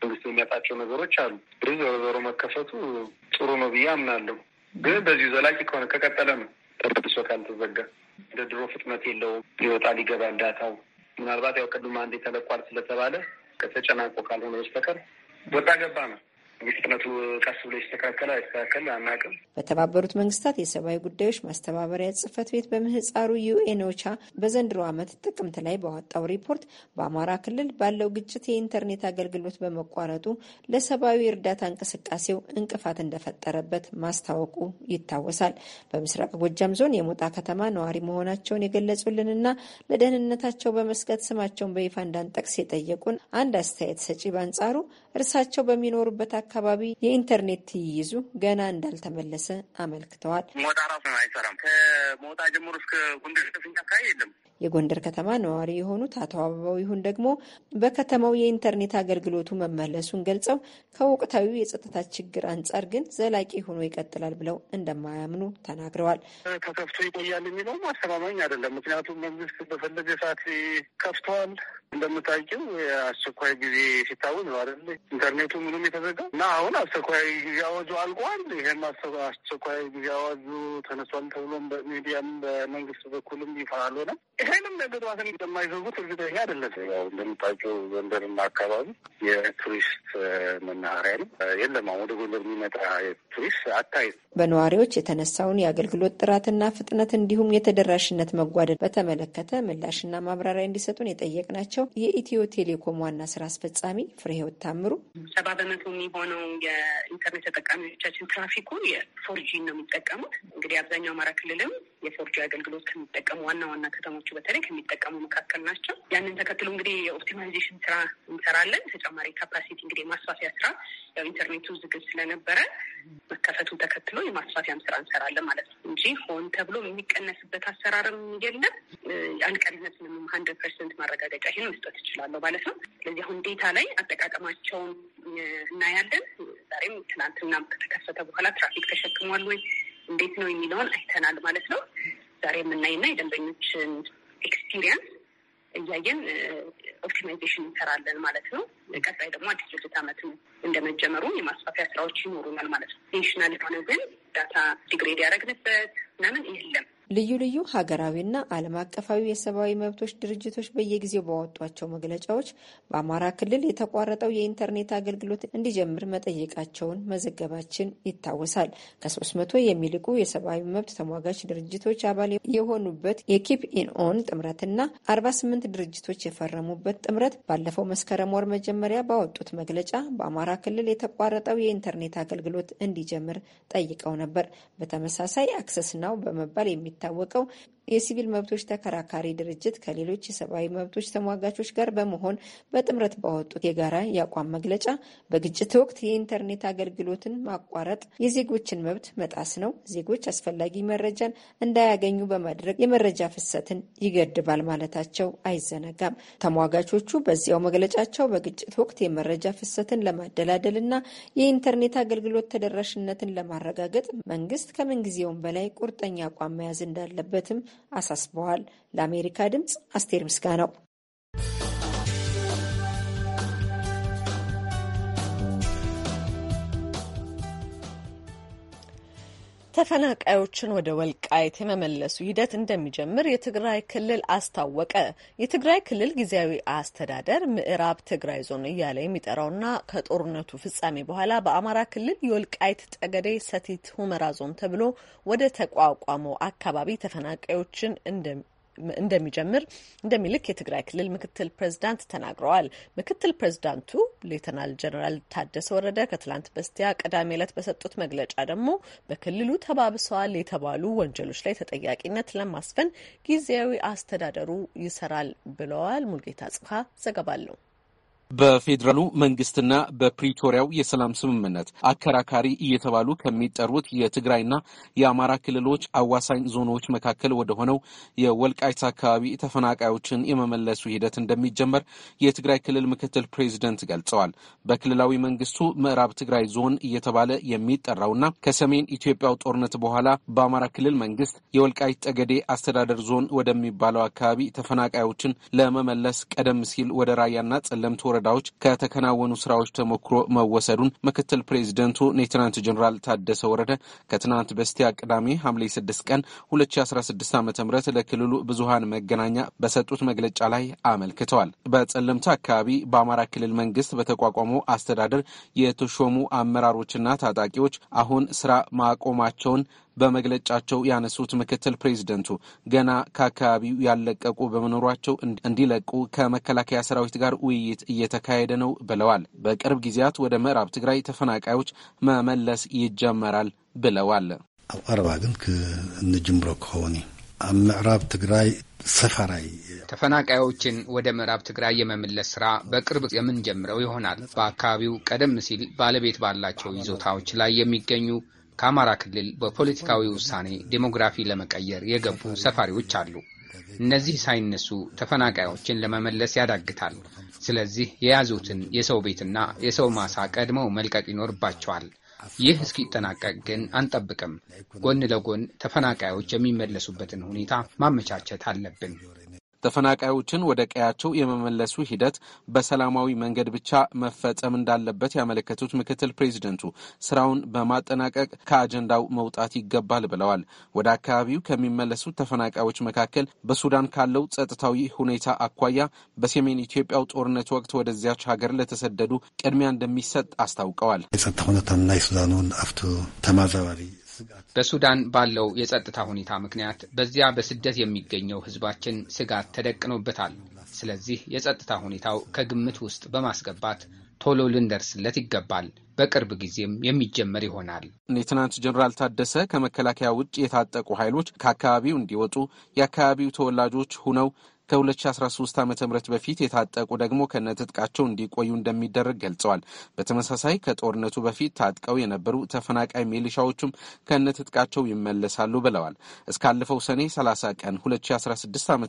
መንግስት የሚያጣቸው ነገሮች አሉ። ስለዚህ ዞሮ ዞሮ መከፈቱ ጥሩ ነው ብዬ አምናለሁ። ግን በዚሁ ዘላቂ ከሆነ ከቀጠለ ነው ተመልሶ ካልተዘጋ እንደ ድሮ ፍጥነት የለውም። ይወጣል ይገባል ዳታው። ምናልባት ያው ቅድም አንዴ ተለቋል ስለተባለ ከተጨናቆ ካልሆነ በስተቀር ወጣ ገባ ነው። ግጭትነቱ ቀስ ብሎ ይስተካከል አይስተካከል አናውቅም።
በተባበሩት መንግስታት የሰብአዊ ጉዳዮች ማስተባበሪያ ጽህፈት ቤት በምህፃሩ ዩኤን ኦቻ በዘንድሮ ዓመት ጥቅምት ላይ ባወጣው ሪፖርት በአማራ ክልል ባለው ግጭት የኢንተርኔት አገልግሎት በመቋረጡ ለሰብአዊ እርዳታ እንቅስቃሴው እንቅፋት እንደፈጠረበት ማስታወቁ ይታወሳል። በምስራቅ ጎጃም ዞን የሞጣ ከተማ ነዋሪ መሆናቸውን የገለጹልንና ለደህንነታቸው በመስጋት ስማቸውን በይፋ እንዳንጠቅስ የጠየቁን አንድ አስተያየት ሰጪ በአንጻሩ እርሳቸው በሚኖሩበት አካባቢ የኢንተርኔት ትይይዙ ገና እንዳልተመለሰ አመልክተዋል።
ሞጣ ራሱ አይሰራም። ከሞጣ ጀምሮ እስከ ጉንደር አካባቢ
የለም። የጎንደር ከተማ ነዋሪ የሆኑት አቶ አበባው ይሁን ደግሞ በከተማው የኢንተርኔት አገልግሎቱ መመለሱን ገልጸው ከወቅታዊ የጸጥታ ችግር አንጻር ግን ዘላቂ ሆኖ ይቀጥላል ብለው እንደማያምኑ ተናግረዋል።
ተከፍቶ ይቆያል የሚለው አስተማማኝ አይደለም። ምክንያቱም መንግስት በፈለገ ሰዓት
ከፍተዋል። እንደምታውቂው አስቸኳይ ጊዜ ሲታወጅ ነው አይደል? ኢንተርኔቱ ምንም የተዘጋ እና አሁን አስቸኳይ ጊዜ አዋጁ አልቋል። ይህም አስቸኳይ ጊዜ አዋጁ ተነሷል
ተብሎም በሚዲያም በመንግስት በኩልም ይፋ አልሆነም። ይህንም ነገሯትን እንደማይዘጉት እርግጠኛ አይደለም። ያው እንደምታውቂው ጎንደርና አካባቢ የቱሪስት መናኸሪያ ነው። የለም አሁን ወደ ጎንደር የሚመጣ ቱሪስት አታይ።
በነዋሪዎች የተነሳውን የአገልግሎት ጥራትና ፍጥነት እንዲሁም የተደራሽነት መጓደል በተመለከተ ምላሽና ማብራሪያ እንዲሰጡን የጠየቅናቸው የኢትዮ ቴሌኮም ዋና ስራ አስፈጻሚ ፍሬህይወት ታምሩ ሰባ
በመቶ የሚሆነው የኢንተርኔት ተጠቃሚዎቻችን ትራፊኩን የፎርጂን ነው የሚጠቀሙት። እንግዲህ አብዛኛው አማራ ክልልም የፎርጂ አገልግሎት ከሚጠቀሙ ዋና ዋና ከተሞቹ በተለይ ከሚጠቀሙ መካከል ናቸው። ያንን ተከትሎ እንግዲህ የኦፕቲማይዜሽን ስራ እንሰራለን። ተጨማሪ ካፓሲቲ እንግዲህ የማስፋፊያ ስራ ያው ኢንተርኔቱ ዝግብ ስለነበረ መከፈቱ ተከትሎ የማስፋፊያም ስራ እንሰራለን ማለት ነው እንጂ ሆን ተብሎ የሚቀነስበት አሰራርም የለም። አልቀነስንም፣ ሀንድረድ ፐርሰንት ማረጋገጫ ይህን መስጠት እችላለሁ ማለት ነው። ስለዚህ አሁን ዴታ ላይ አጠቃቀማቸውን እናያለን። ዛሬም ትናንትና ከተከፈተ በኋላ ትራፊክ ተሸክሟል ወይ እንዴት ነው የሚለውን አይተናል ማለት ነው። ዛሬ የምናይና የደንበኞችን ኤክስፒሪየንስ እያየን ኦፕቲማይዜሽን እንሰራለን ማለት ነው። ቀጣይ ደግሞ አዲስ ልደት ዓመት እንደመጀመሩ የማስፋፊያ ስራዎች ይኖሩናል ማለት ነው። ኔሽናል የሆነ ግን ዳታ ዲግሬድ ያደረግንበት ምናምን
የለም። ልዩ ልዩ ሀገራዊና ዓለም አቀፋዊ የሰብአዊ መብቶች ድርጅቶች በየጊዜው ባወጧቸው መግለጫዎች በአማራ ክልል የተቋረጠው የኢንተርኔት አገልግሎት እንዲጀምር መጠየቃቸውን መዘገባችን ይታወሳል። ከሶስት መቶ የሚልቁ የሰብአዊ መብት ተሟጋች ድርጅቶች አባል የሆኑበት የኪፕ ኢንኦን ጥምረትና አርባ ስምንት ድርጅቶች የፈረሙበት ጥምረት ባለፈው መስከረም ወር መጀመሪያ ባወጡት መግለጫ በአማራ ክልል የተቋረጠው የኢንተርኔት አገልግሎት እንዲጀምር ጠይቀው ነበር። በተመሳሳይ አክሰስ ናው በመባል የሚ የሚታወቀው የሲቪል መብቶች ተከራካሪ ድርጅት ከሌሎች የሰብአዊ መብቶች ተሟጋቾች ጋር በመሆን በጥምረት ባወጡት የጋራ የአቋም መግለጫ በግጭት ወቅት የኢንተርኔት አገልግሎትን ማቋረጥ የዜጎችን መብት መጣስ ነው፣ ዜጎች አስፈላጊ መረጃን እንዳያገኙ በማድረግ የመረጃ ፍሰትን ይገድባል ማለታቸው አይዘነጋም። ተሟጋቾቹ በዚያው መግለጫቸው በግጭት ወቅት የመረጃ ፍሰትን ለማደላደል እና የኢንተርኔት አገልግሎት ተደራሽነትን ለማረጋገጥ መንግስት ከምንጊዜውም በላይ ቁርጠኛ አቋም መያዝ እንዳለበትም አሳስበዋል። ለአሜሪካ ድምፅ አስቴር ምስጋ ነው።
ተፈናቃዮችን ወደ ወልቃይት የመመለሱ ሂደት እንደሚጀምር የትግራይ ክልል አስታወቀ። የትግራይ ክልል ጊዜያዊ አስተዳደር ምዕራብ ትግራይ ዞን እያለ የሚጠራውና ከጦርነቱ ፍጻሜ በኋላ በአማራ ክልል የወልቃይት ጠገዴ ሰቲት ሁመራ ዞን ተብሎ ወደ ተቋቋመው አካባቢ ተፈናቃዮችን እንደሚጀምር እንደሚልክ የትግራይ ክልል ምክትል ፕሬዚዳንት ተናግረዋል። ምክትል ፕሬዚዳንቱ ሌተናል ጀነራል ታደሰ ወረደ ከትላንት በስቲያ ቅዳሜ ዕለት በሰጡት መግለጫ ደግሞ በክልሉ ተባብሰዋል የተባሉ ወንጀሎች ላይ ተጠያቂነት ለማስፈን ጊዜያዊ አስተዳደሩ ይሰራል ብለዋል። ሙልጌታ ጽፋ ዘገባ አለው።
በፌዴራሉ መንግስትና በፕሪቶሪያው የሰላም ስምምነት አከራካሪ እየተባሉ ከሚጠሩት የትግራይና የአማራ ክልሎች አዋሳኝ ዞኖች መካከል ወደ ሆነው የወልቃይት አካባቢ ተፈናቃዮችን የመመለሱ ሂደት እንደሚጀመር የትግራይ ክልል ምክትል ፕሬዚደንት ገልጸዋል። በክልላዊ መንግስቱ ምዕራብ ትግራይ ዞን እየተባለ የሚጠራውና ከሰሜን ኢትዮጵያው ጦርነት በኋላ በአማራ ክልል መንግስት የወልቃይት ጠገዴ አስተዳደር ዞን ወደሚባለው አካባቢ ተፈናቃዮችን ለመመለስ ቀደም ሲል ወደ ራያና ጸለምት ወረዳዎች ከተከናወኑ ስራዎች ተሞክሮ መወሰዱን ምክትል ፕሬዚደንቱ ሌተናንት ጀኔራል ታደሰ ወረደ ከትናንት በስቲያ ቅዳሜ ሐምሌ 6 ቀን 2016 ዓ ም ለክልሉ ብዙሃን መገናኛ በሰጡት መግለጫ ላይ አመልክተዋል። በጸለምታ አካባቢ በአማራ ክልል መንግስት በተቋቋመው አስተዳደር የተሾሙ አመራሮችና ታጣቂዎች አሁን ስራ ማቆማቸውን በመግለጫቸው ያነሱት ምክትል ፕሬዚደንቱ ገና ከአካባቢው ያለቀቁ በመኖሯቸው እንዲለቁ ከመከላከያ ሰራዊት ጋር ውይይት እየተካሄደ ነው ብለዋል። በቅርብ ጊዜያት ወደ ምዕራብ ትግራይ ተፈናቃዮች መመለስ ይጀመራል ብለዋል። ኣብ
ቀረባ ግን ንጅምሮ ክኸውን እዩ ኣብ ምዕራብ ትግራይ ሰፈራይ
ተፈናቃዮችን
ወደ ምዕራብ ትግራይ የመመለስ ስራ በቅርብ የምንጀምረው ይሆናል። በአካባቢው ቀደም ሲል ባለቤት ባላቸው ይዞታዎች ላይ የሚገኙ ከአማራ ክልል በፖለቲካዊ ውሳኔ ዴሞግራፊ ለመቀየር የገቡ ሰፋሪዎች አሉ። እነዚህ ሳይነሱ ተፈናቃዮችን ለመመለስ ያዳግታል። ስለዚህ የያዙትን የሰው ቤትና የሰው ማሳ ቀድመው መልቀቅ
ይኖርባቸዋል። ይህ እስኪጠናቀቅ ግን አንጠብቅም። ጎን ለጎን ተፈናቃዮች የሚመለሱበትን ሁኔታ ማመቻቸት አለብን። ተፈናቃዮችን ወደ ቀያቸው የመመለሱ ሂደት በሰላማዊ መንገድ ብቻ መፈጸም እንዳለበት ያመለከቱት ምክትል ፕሬዚደንቱ ስራውን በማጠናቀቅ ከአጀንዳው መውጣት ይገባል ብለዋል። ወደ አካባቢው ከሚመለሱ ተፈናቃዮች መካከል በሱዳን ካለው ጸጥታዊ ሁኔታ አኳያ በሰሜን ኢትዮጵያው ጦርነት ወቅት ወደዚያች ሀገር ለተሰደዱ ቅድሚያ እንደሚሰጥ አስታውቀዋል።
የጸጥታ ሁኔታና የሱዳኑን አፍቶ ተማዛባሪ
በሱዳን ባለው የጸጥታ
ሁኔታ ምክንያት በዚያ በስደት የሚገኘው ህዝባችን ስጋት ተደቅኖበታል። ስለዚህ
የጸጥታ ሁኔታው ከግምት ውስጥ በማስገባት ቶሎ ልንደርስለት ይገባል። በቅርብ ጊዜም የሚጀመር ይሆናል። ሌትናንት ጀኔራል ታደሰ ከመከላከያ ውጭ የታጠቁ ኃይሎች ከአካባቢው እንዲወጡ የአካባቢው ተወላጆች ሁነው ከ2013 ዓ ም በፊት የታጠቁ ደግሞ ከነትጥቃቸው እንዲቆዩ እንደሚደረግ ገልጸዋል። በተመሳሳይ ከጦርነቱ በፊት ታጥቀው የነበሩ ተፈናቃይ ሚሊሻዎቹም ከነትጥቃቸው ይመለሳሉ ብለዋል። እስካለፈው ሰኔ 30 ቀን 2016 ዓ ም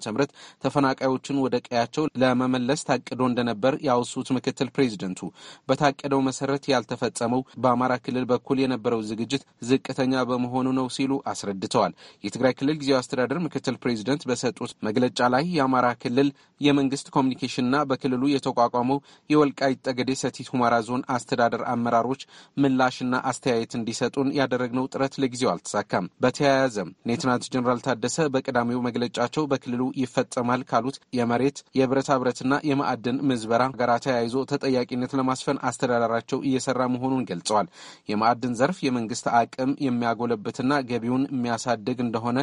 ተፈናቃዮቹን ወደ ቀያቸው ለመመለስ ታቅዶ እንደነበር ያወሱት ምክትል ፕሬዚደንቱ በታቀደው መሰረት ያልተፈጸመው በአማራ ክልል በኩል የነበረው ዝግጅት ዝቅተኛ በመሆኑ ነው ሲሉ አስረድተዋል። የትግራይ ክልል ጊዜያዊ አስተዳደር ምክትል ፕሬዚደንት በሰጡት መግለጫ ላይ የአማራ ክልል የመንግስት ኮሚኒኬሽንና በክልሉ የተቋቋመው የወልቃይት ጠገዴ ሰቲት ሁመራ ዞን አስተዳደር አመራሮች ምላሽና አስተያየት እንዲሰጡን ያደረግነው ጥረት ለጊዜው አልተሳካም። በተያያዘም ሌተናንት ጀኔራል ታደሰ በቀዳሚው መግለጫቸው በክልሉ ይፈጸማል ካሉት የመሬት የብረታ ብረትና የማዕድን ምዝበራ ጋር ተያይዞ ተጠያቂነት ለማስፈን አስተዳደራቸው እየሰራ መሆኑን ገልጸዋል። የማዕድን ዘርፍ የመንግስት አቅም የሚያጎለብትና ገቢውን የሚያሳድግ እንደሆነ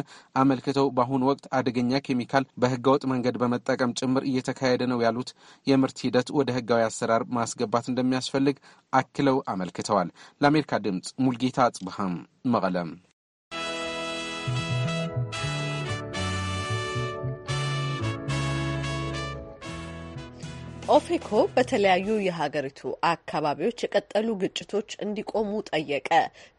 አመልክተው በአሁኑ ወቅት አደገኛ ኬሚካል በህገወጥ መንገድ በመጠቀም ጭምር እየተካሄደ ነው ያሉት የምርት ሂደት ወደ ህጋዊ አሰራር ማስገባት እንደሚያስፈልግ አክለው አመልክተዋል። ለአሜሪካ ድምፅ ሙልጌታ አጽብሃም መቀለም።
ኦፌኮ በተለያዩ የሀገሪቱ አካባቢዎች የቀጠሉ ግጭቶች እንዲቆሙ ጠየቀ።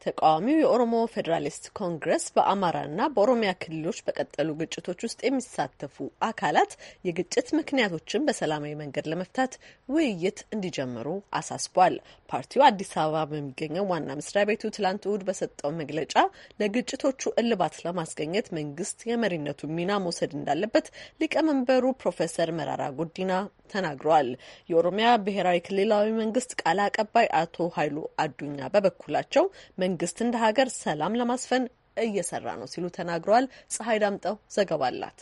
ተቃዋሚው የኦሮሞ ፌዴራሊስት ኮንግረስ በአማራና በኦሮሚያ ክልሎች በቀጠሉ ግጭቶች ውስጥ የሚሳተፉ አካላት የግጭት ምክንያቶችን በሰላማዊ መንገድ ለመፍታት ውይይት እንዲጀምሩ አሳስቧል። ፓርቲው አዲስ አበባ በሚገኘው ዋና መስሪያ ቤቱ ትላንት እሁድ በሰጠው መግለጫ ለግጭቶቹ እልባት ለማስገኘት መንግስት የመሪነቱን ሚና መውሰድ እንዳለበት ሊቀመንበሩ ፕሮፌሰር መራራ ጉዲና ተናግረዋል። የኦሮሚያ ብሔራዊ ክልላዊ መንግስት ቃል አቀባይ አቶ ኃይሉ አዱኛ በበኩላቸው መንግስት እንደ ሀገር ሰላም ለማስፈን እየሰራ ነው ሲሉ ተናግረዋል። ፀሐይ ዳምጠው ዘገባ አላት።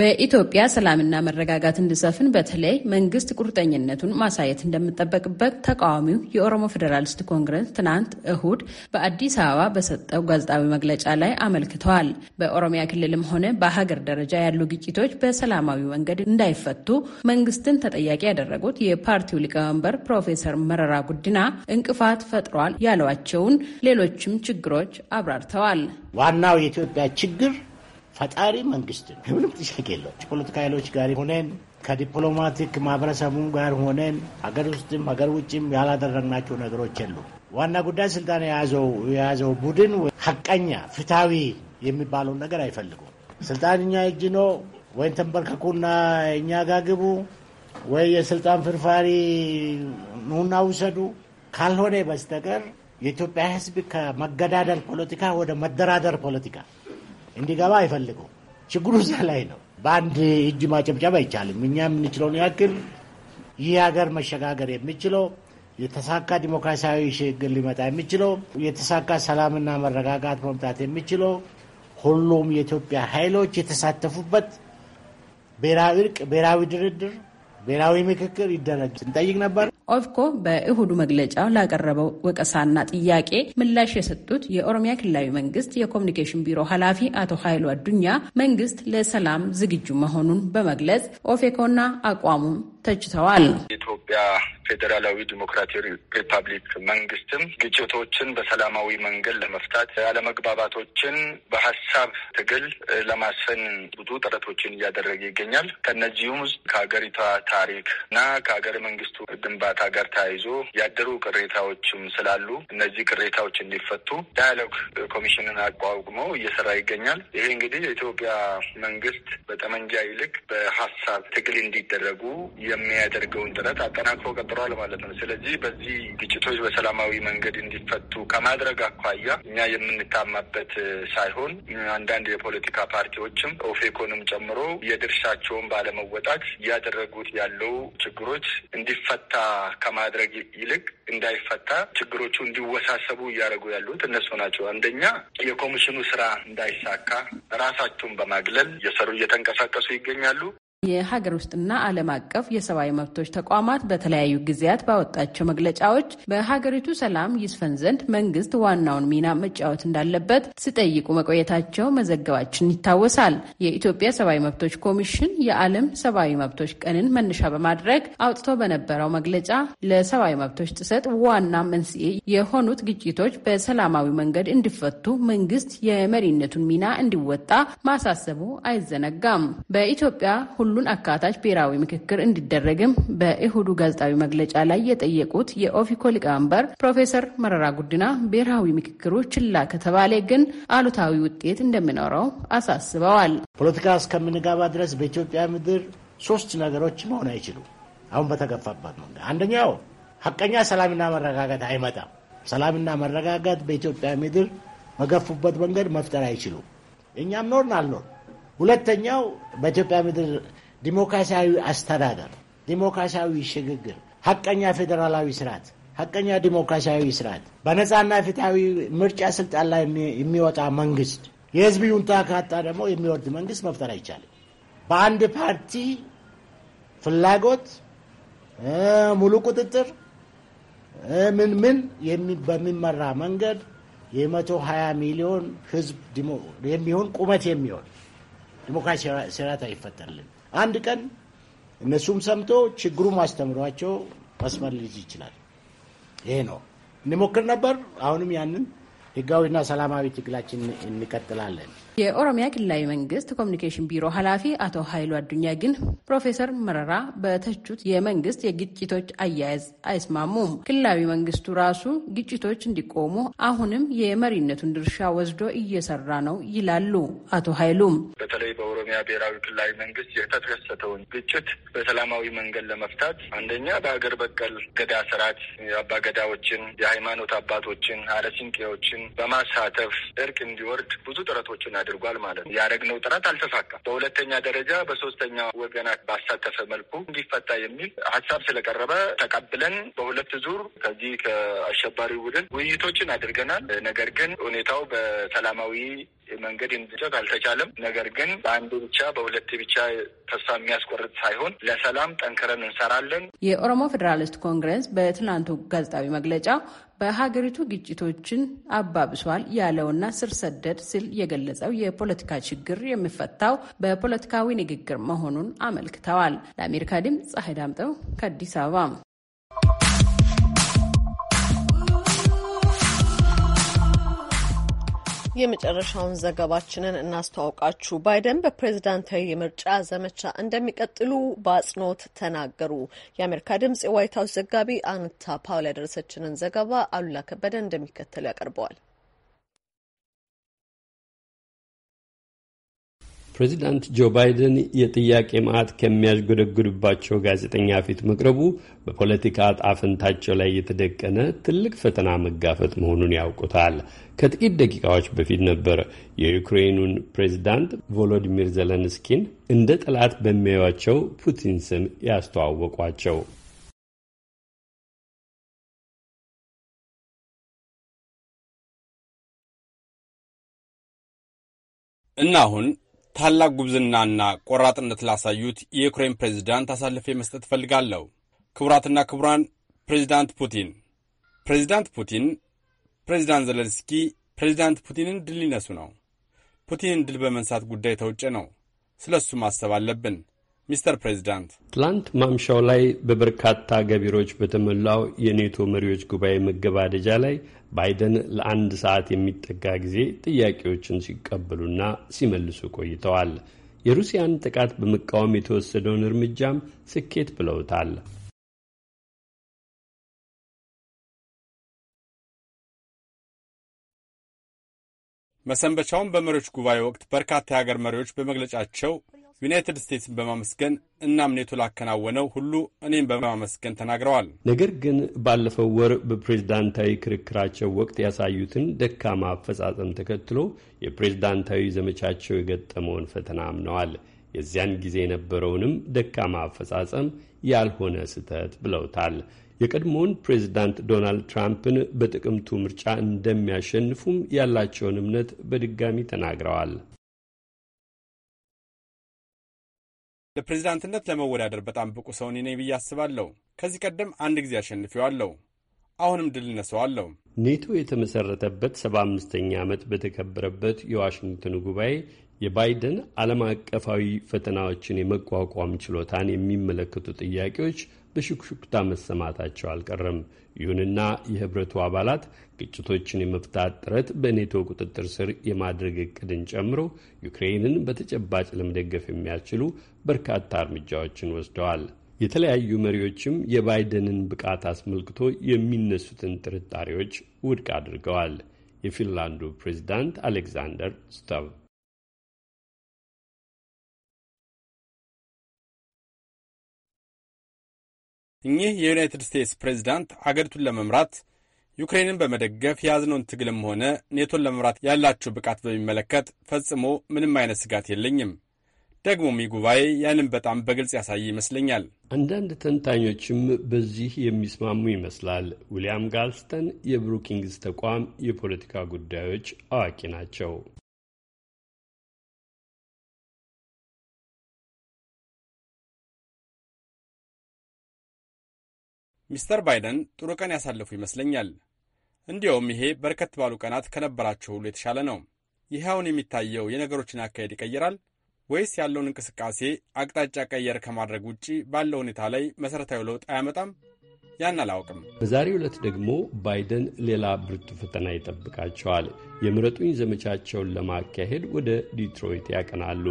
በኢትዮጵያ ሰላምና መረጋጋት እንዲሰፍን በተለይ መንግስት ቁርጠኝነቱን ማሳየት እንደምጠበቅበት ተቃዋሚው የኦሮሞ ፌዴራሊስት ኮንግረስ ትናንት እሁድ በአዲስ አበባ በሰጠው ጋዜጣዊ መግለጫ ላይ አመልክተዋል። በኦሮሚያ ክልልም ሆነ በሀገር ደረጃ ያሉ ግጭቶች በሰላማዊ መንገድ እንዳይፈቱ መንግስትን ተጠያቂ ያደረጉት የፓርቲው ሊቀመንበር ፕሮፌሰር መረራ ጉዲና እንቅፋት
ፈጥሯል ያሏቸውን ሌሎችም ችግሮች አብራርተዋል። ዋናው የኢትዮጵያ ችግር ፈጣሪ መንግስት ነው። ምንም ጥያቄ የለው። ፖለቲካ ኃይሎች ጋር ሆነን ከዲፕሎማቲክ ማህበረሰቡ ጋር ሆነን ሀገር ውስጥም ሀገር ውጭም ያላደረግናቸው ነገሮች የሉ። ዋና ጉዳይ ስልጣን የያዘው ቡድን ሀቀኛ ፍትሐዊ የሚባለውን ነገር አይፈልጉም። ስልጣን እኛ እጅ ነው ወይም ተንበርከኩና እኛ ጋር ግቡ ወይ የስልጣን ፍርፋሪ ኑና ውሰዱ ካልሆነ በስተቀር የኢትዮጵያ ሕዝብ ከመገዳደል ፖለቲካ ወደ መደራደር ፖለቲካ እንዲገባ አይፈልገው ችግሩ እዛ ላይ ነው። በአንድ እጅ ማጨብጨብ አይቻልም። እኛ የምንችለውን ያክል ይህ ሀገር መሸጋገር የሚችለው የተሳካ ዲሞክራሲያዊ ሽግግር ሊመጣ የሚችለው የተሳካ ሰላምና መረጋጋት መምጣት የሚችለው ሁሉም የኢትዮጵያ ኃይሎች የተሳተፉበት ብሔራዊ እርቅ፣ ብሔራዊ ድርድር፣ ብሔራዊ ምክክር ይደረግ ስንጠይቅ ነበር። ኦፍኮ በእሁዱ መግለጫው ላቀረበው
ወቀሳና ጥያቄ ምላሽ የሰጡት የኦሮሚያ ክልላዊ መንግስት የኮሚኒኬሽን ቢሮ ኃላፊ አቶ ኃይሉ አዱኛ መንግስት ለሰላም ዝግጁ መሆኑን በመግለጽ ኦፌኮና አቋሙም ተችተዋል። የኢትዮጵያ ፌዴራላዊ ዲሞክራቲክ
ሪፐብሊክ መንግስትም ግጭቶችን በሰላማዊ መንገድ ለመፍታት አለመግባባቶችን በሀሳብ ትግል ለማስፈን ብዙ ጥረቶችን እያደረገ ይገኛል። ከነዚህም ውስጥ ከሀገሪቷ ታሪክ እና ከሀገር መንግስቱ ግንባ ዳታ ጋር ተያይዞ ያደሩ ቅሬታዎችም ስላሉ እነዚህ ቅሬታዎች እንዲፈቱ ዳያሎግ ኮሚሽንን አቋቁሞ እየሰራ ይገኛል። ይሄ እንግዲህ የኢትዮጵያ መንግስት በጠመንጃ ይልቅ በሀሳብ ትግል እንዲደረጉ የሚያደርገውን ጥረት አጠናክሮ ቀጥሯል ማለት ነው። ስለዚህ በዚህ ግጭቶች በሰላማዊ መንገድ እንዲፈቱ ከማድረግ አኳያ እኛ የምንታማበት ሳይሆን አንዳንድ የፖለቲካ ፓርቲዎችም ኦፌኮንም ጨምሮ የድርሻቸውን ባለመወጣት እያደረጉት ያለው ችግሮች እንዲፈታ ከማድረግ ይልቅ እንዳይፈታ ችግሮቹ እንዲወሳሰቡ እያደረጉ ያሉት እነሱ ናቸው። አንደኛ የኮሚሽኑ ስራ እንዳይሳካ ራሳቸውን በማግለል እየሰሩ እየተንቀሳቀሱ ይገኛሉ።
የሀገር ውስጥና ዓለም አቀፍ የሰብአዊ መብቶች ተቋማት በተለያዩ ጊዜያት ባወጣቸው መግለጫዎች በሀገሪቱ ሰላም ይስፈን ዘንድ መንግስት ዋናውን ሚና መጫወት እንዳለበት ሲጠይቁ መቆየታቸው መዘገባችን ይታወሳል። የኢትዮጵያ ሰብአዊ መብቶች ኮሚሽን የዓለም ሰብአዊ መብቶች ቀንን መነሻ በማድረግ አውጥቶ በነበረው መግለጫ ለሰብአዊ መብቶች ጥሰት ዋና መንስኤ የሆኑት ግጭቶች በሰላማዊ መንገድ እንዲፈቱ መንግስት የመሪነቱን ሚና እንዲወጣ ማሳሰቡ አይዘነጋም። በኢትዮጵያ ሁሉ ሁሉን አካታች ብሔራዊ ምክክር እንዲደረግም በኢህዱ ጋዜጣዊ መግለጫ ላይ የጠየቁት የኦፊኮ ሊቀመንበር ፕሮፌሰር መረራ ጉዲና ብሔራዊ ምክክሩ ችላ ከተባለ ግን አሉታዊ ውጤት እንደሚኖረው
አሳስበዋል። ፖለቲካ እስከምንጋባ ድረስ በኢትዮጵያ ምድር ሶስት ነገሮች መሆን አይችሉ። አሁን በተገፋባት መንገድ አንደኛው ሀቀኛ ሰላምና መረጋጋት አይመጣም። ሰላምና መረጋጋት በኢትዮጵያ ምድር መገፉበት መንገድ መፍጠር አይችሉም። እኛም ኖርን አልኖር። ሁለተኛው በኢትዮጵያ ምድር ዲሞክራሲያዊ አስተዳደር፣ ዲሞክራሲያዊ ሽግግር፣ ሀቀኛ ፌዴራላዊ ስርዓት፣ ሀቀኛ ዲሞክራሲያዊ ስርዓት፣ በነጻና ፍትሐዊ ምርጫ ስልጣን ላይ የሚወጣ መንግስት፣ የህዝብ ይሁንታ ካጣ ደግሞ የሚወርድ መንግስት መፍጠር አይቻልም። በአንድ ፓርቲ ፍላጎት ሙሉ ቁጥጥር ምን ምን በሚመራ መንገድ የመቶ ሀያ ሚሊዮን ህዝብ የሚሆን ቁመት የሚሆን ዲሞክራሲያዊ ስርዓት አይፈጠርልን። አንድ ቀን እነሱም ሰምቶ ችግሩም አስተምሯቸው መስመር ልጅ ይችላል። ይሄ ነው እንሞክር ነበር። አሁንም ያንን ህጋዊና ሰላማዊ ትግላችን እንቀጥላለን።
የኦሮሚያ ክልላዊ መንግስት ኮሚኒኬሽን ቢሮ ኃላፊ አቶ ኃይሉ አዱኛ ግን ፕሮፌሰር መረራ በተቹት የመንግስት የግጭቶች አያያዝ አይስማሙም። ክልላዊ መንግስቱ ራሱ ግጭቶች እንዲቆሙ አሁንም የመሪነቱን ድርሻ ወስዶ እየሰራ ነው ይላሉ። አቶ ኃይሉም በተለይ በኦሮሚያ ብሔራዊ ክልላዊ መንግስት
የተከሰተውን ግጭት በሰላማዊ መንገድ ለመፍታት አንደኛ በሀገር በቀል ገዳ ስርዓት አባገዳዎችን፣ የሃይማኖት አባቶችን፣ አለሲንቄዎችን በማሳተፍ እርቅ እንዲወርድ ብዙ ጥረቶችን አድርጓል ማለት ነው። ያደረግነው ጥረት አልተሳካም። በሁለተኛ ደረጃ በሶስተኛ ወገናት ባሳተፈ መልኩ እንዲፈታ የሚል ሀሳብ ስለቀረበ ተቀብለን በሁለት ዙር ከዚህ ከአሸባሪው ቡድን ውይይቶችን አድርገናል። ነገር ግን ሁኔታው በሰላማዊ መንገድ እንዲጨት አልተቻለም። ነገር ግን በአንድ ብቻ በሁለት ብቻ ተስፋ የሚያስቆርጥ ሳይሆን ለሰላም ጠንክረን እንሰራለን።
የኦሮሞ ፌዴራሊስት ኮንግረስ በትናንቱ ጋዜጣዊ መግለጫ በሀገሪቱ ግጭቶችን አባብሷል ያለውና ስር ሰደድ ሲል የገለጸው የፖለቲካ ችግር የሚፈታው በፖለቲካዊ ንግግር መሆኑን አመልክተዋል። ለአሜሪካ ድምፅ ፀሐይ ዳምጠው ከአዲስ አበባ
የመጨረሻውን ዘገባችንን እናስተዋውቃችሁ። ባይደን በፕሬዝዳንታዊ የምርጫ ዘመቻ እንደሚቀጥሉ በአጽንኦት ተናገሩ። የአሜሪካ ድምጽ የዋይት ሀውስ ዘጋቢ አንታ ፓውል ያደረሰችንን ዘገባ አሉላ ከበደ እንደሚከተሉ ያቀርበዋል።
ፕሬዚዳንት ጆ ባይደን የጥያቄ ማዕት ከሚያዥጎደጉድባቸው ጋዜጠኛ ፊት መቅረቡ በፖለቲካ ጣፍንታቸው ላይ የተደቀነ ትልቅ ፈተና መጋፈጥ መሆኑን ያውቁታል። ከጥቂት ደቂቃዎች በፊት ነበር የዩክሬኑን ፕሬዚዳንት ቮሎዲሚር ዘለንስኪን እንደ ጠላት በሚያዩቸው ፑቲን ስም ያስተዋወቋቸው። እና አሁን ታላቅ ጉብዝናና ቆራጥነት ላሳዩት የዩክሬን ፕሬዚዳንት አሳልፌ
መስጠት እፈልጋለሁ። ክቡራትና ክቡራን፣ ፕሬዚዳንት ፑቲን ፕሬዚዳንት ፑቲን ፕሬዚዳንት ዘለንስኪ ፕሬዚዳንት ፑቲንን ድል ሊነሱ ነው። ፑቲንን ድል በመንሳት ጉዳይ ተውጭ ነው። ስለ እሱ ማሰብ አለብን። ሚስተር ፕሬዚዳንት
ትላንት ማምሻው ላይ በበርካታ ገቢሮች በተሞላው የኔቶ መሪዎች ጉባኤ መገባደጃ ላይ ባይደን ለአንድ ሰዓት የሚጠጋ ጊዜ ጥያቄዎችን ሲቀበሉና ሲመልሱ ቆይተዋል። የሩሲያን ጥቃት በመቃወም የተወሰደውን እርምጃም ስኬት ብለውታል።
መሰንበቻውን በመሪዎች ጉባኤ ወቅት በርካታ የሀገር መሪዎች በመግለጫቸው ዩናይትድ ስቴትስን በማመስገን እናም ኔቶ ላከናወነው ሁሉ እኔም በማመስገን ተናግረዋል።
ነገር ግን ባለፈው ወር በፕሬዝዳንታዊ ክርክራቸው ወቅት ያሳዩትን ደካማ አፈጻጸም ተከትሎ የፕሬዝዳንታዊ ዘመቻቸው የገጠመውን ፈተና አምነዋል። የዚያን ጊዜ የነበረውንም ደካማ አፈጻጸም ያልሆነ ስህተት ብለውታል። የቀድሞውን ፕሬዚዳንት ዶናልድ ትራምፕን በጥቅምቱ ምርጫ እንደሚያሸንፉም ያላቸውን እምነት በድጋሚ ተናግረዋል።
ለፕሬዚዳንትነት ለመወዳደር በጣም ብቁ ሰው እኔ ነኝ ብዬ አስባለሁ። ከዚህ ቀደም አንድ ጊዜ አሸንፌዋለሁ። አሁንም ድል ነሰዋለሁ።
ኔቶ የተመሠረተበት ሰባ አምስተኛ ዓመት በተከበረበት የዋሽንግተኑ ጉባኤ የባይደን ዓለም አቀፋዊ ፈተናዎችን የመቋቋም ችሎታን የሚመለከቱ ጥያቄዎች በሽኩሽኩታ መሰማታቸው አልቀረም። ይሁንና የህብረቱ አባላት ግጭቶችን የመፍታት ጥረት በኔቶ ቁጥጥር ስር የማድረግ እቅድን ጨምሮ ዩክሬንን በተጨባጭ ለመደገፍ የሚያስችሉ በርካታ እርምጃዎችን ወስደዋል። የተለያዩ መሪዎችም የባይደንን ብቃት አስመልክቶ የሚነሱትን ጥርጣሬዎች ውድቅ አድርገዋል። የፊንላንዱ ፕሬዚዳንት አሌክዛንደር ስታብ
እኚህ የዩናይትድ ስቴትስ ፕሬዚዳንት አገሪቱን ለመምራት ዩክሬንን በመደገፍ የያዝነውን ትግልም ሆነ ኔቶን ለመምራት ያላቸው ብቃት በሚመለከት ፈጽሞ ምንም አይነት ስጋት የለኝም። ደግሞም ይህ ጉባኤ ያንን በጣም በግልጽ ያሳይ ይመስለኛል።
አንዳንድ ተንታኞችም በዚህ የሚስማሙ ይመስላል። ዊልያም ጋልስተን የብሩኪንግስ ተቋም የፖለቲካ ጉዳዮች አዋቂ ናቸው።
ሚስተር ባይደን ጥሩ ቀን ያሳለፉ ይመስለኛል። እንዲያውም ይሄ በርከት ባሉ ቀናት ከነበራቸው ሁሉ የተሻለ ነው። ይህ አሁን የሚታየው የነገሮችን አካሄድ ይቀይራል ወይስ ያለውን እንቅስቃሴ አቅጣጫ ቀየር ከማድረግ ውጪ ባለው ሁኔታ ላይ መሠረታዊ ለውጥ አያመጣም? ያን አላውቅም።
በዛሬው ዕለት ደግሞ ባይደን ሌላ ብርቱ ፈተና ይጠብቃቸዋል። የምረጡኝ ዘመቻቸውን ለማካሄድ ወደ ዲትሮይት ያቀናሉ።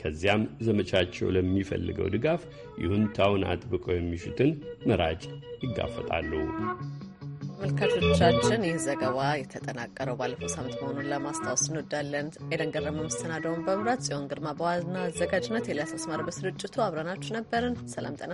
ከዚያም ዘመቻቸው ለሚፈልገው ድጋፍ ይሁንታውን አጥብቀው የሚሹትን መራጭ ይጋፈጣሉ።
ተመልካቾቻችን ይህ
ዘገባ የተጠናቀረው ባለፈው ሳምንት መሆኑን ለማስታወስ እንወዳለን። ኤደን ገረመ መሰናደውን በምራት ጽዮን ግርማ በዋና አዘጋጅነት፣ ኤልያስ አስማረ በስርጭቱ አብረናችሁ ነበርን። ሰላም ጠና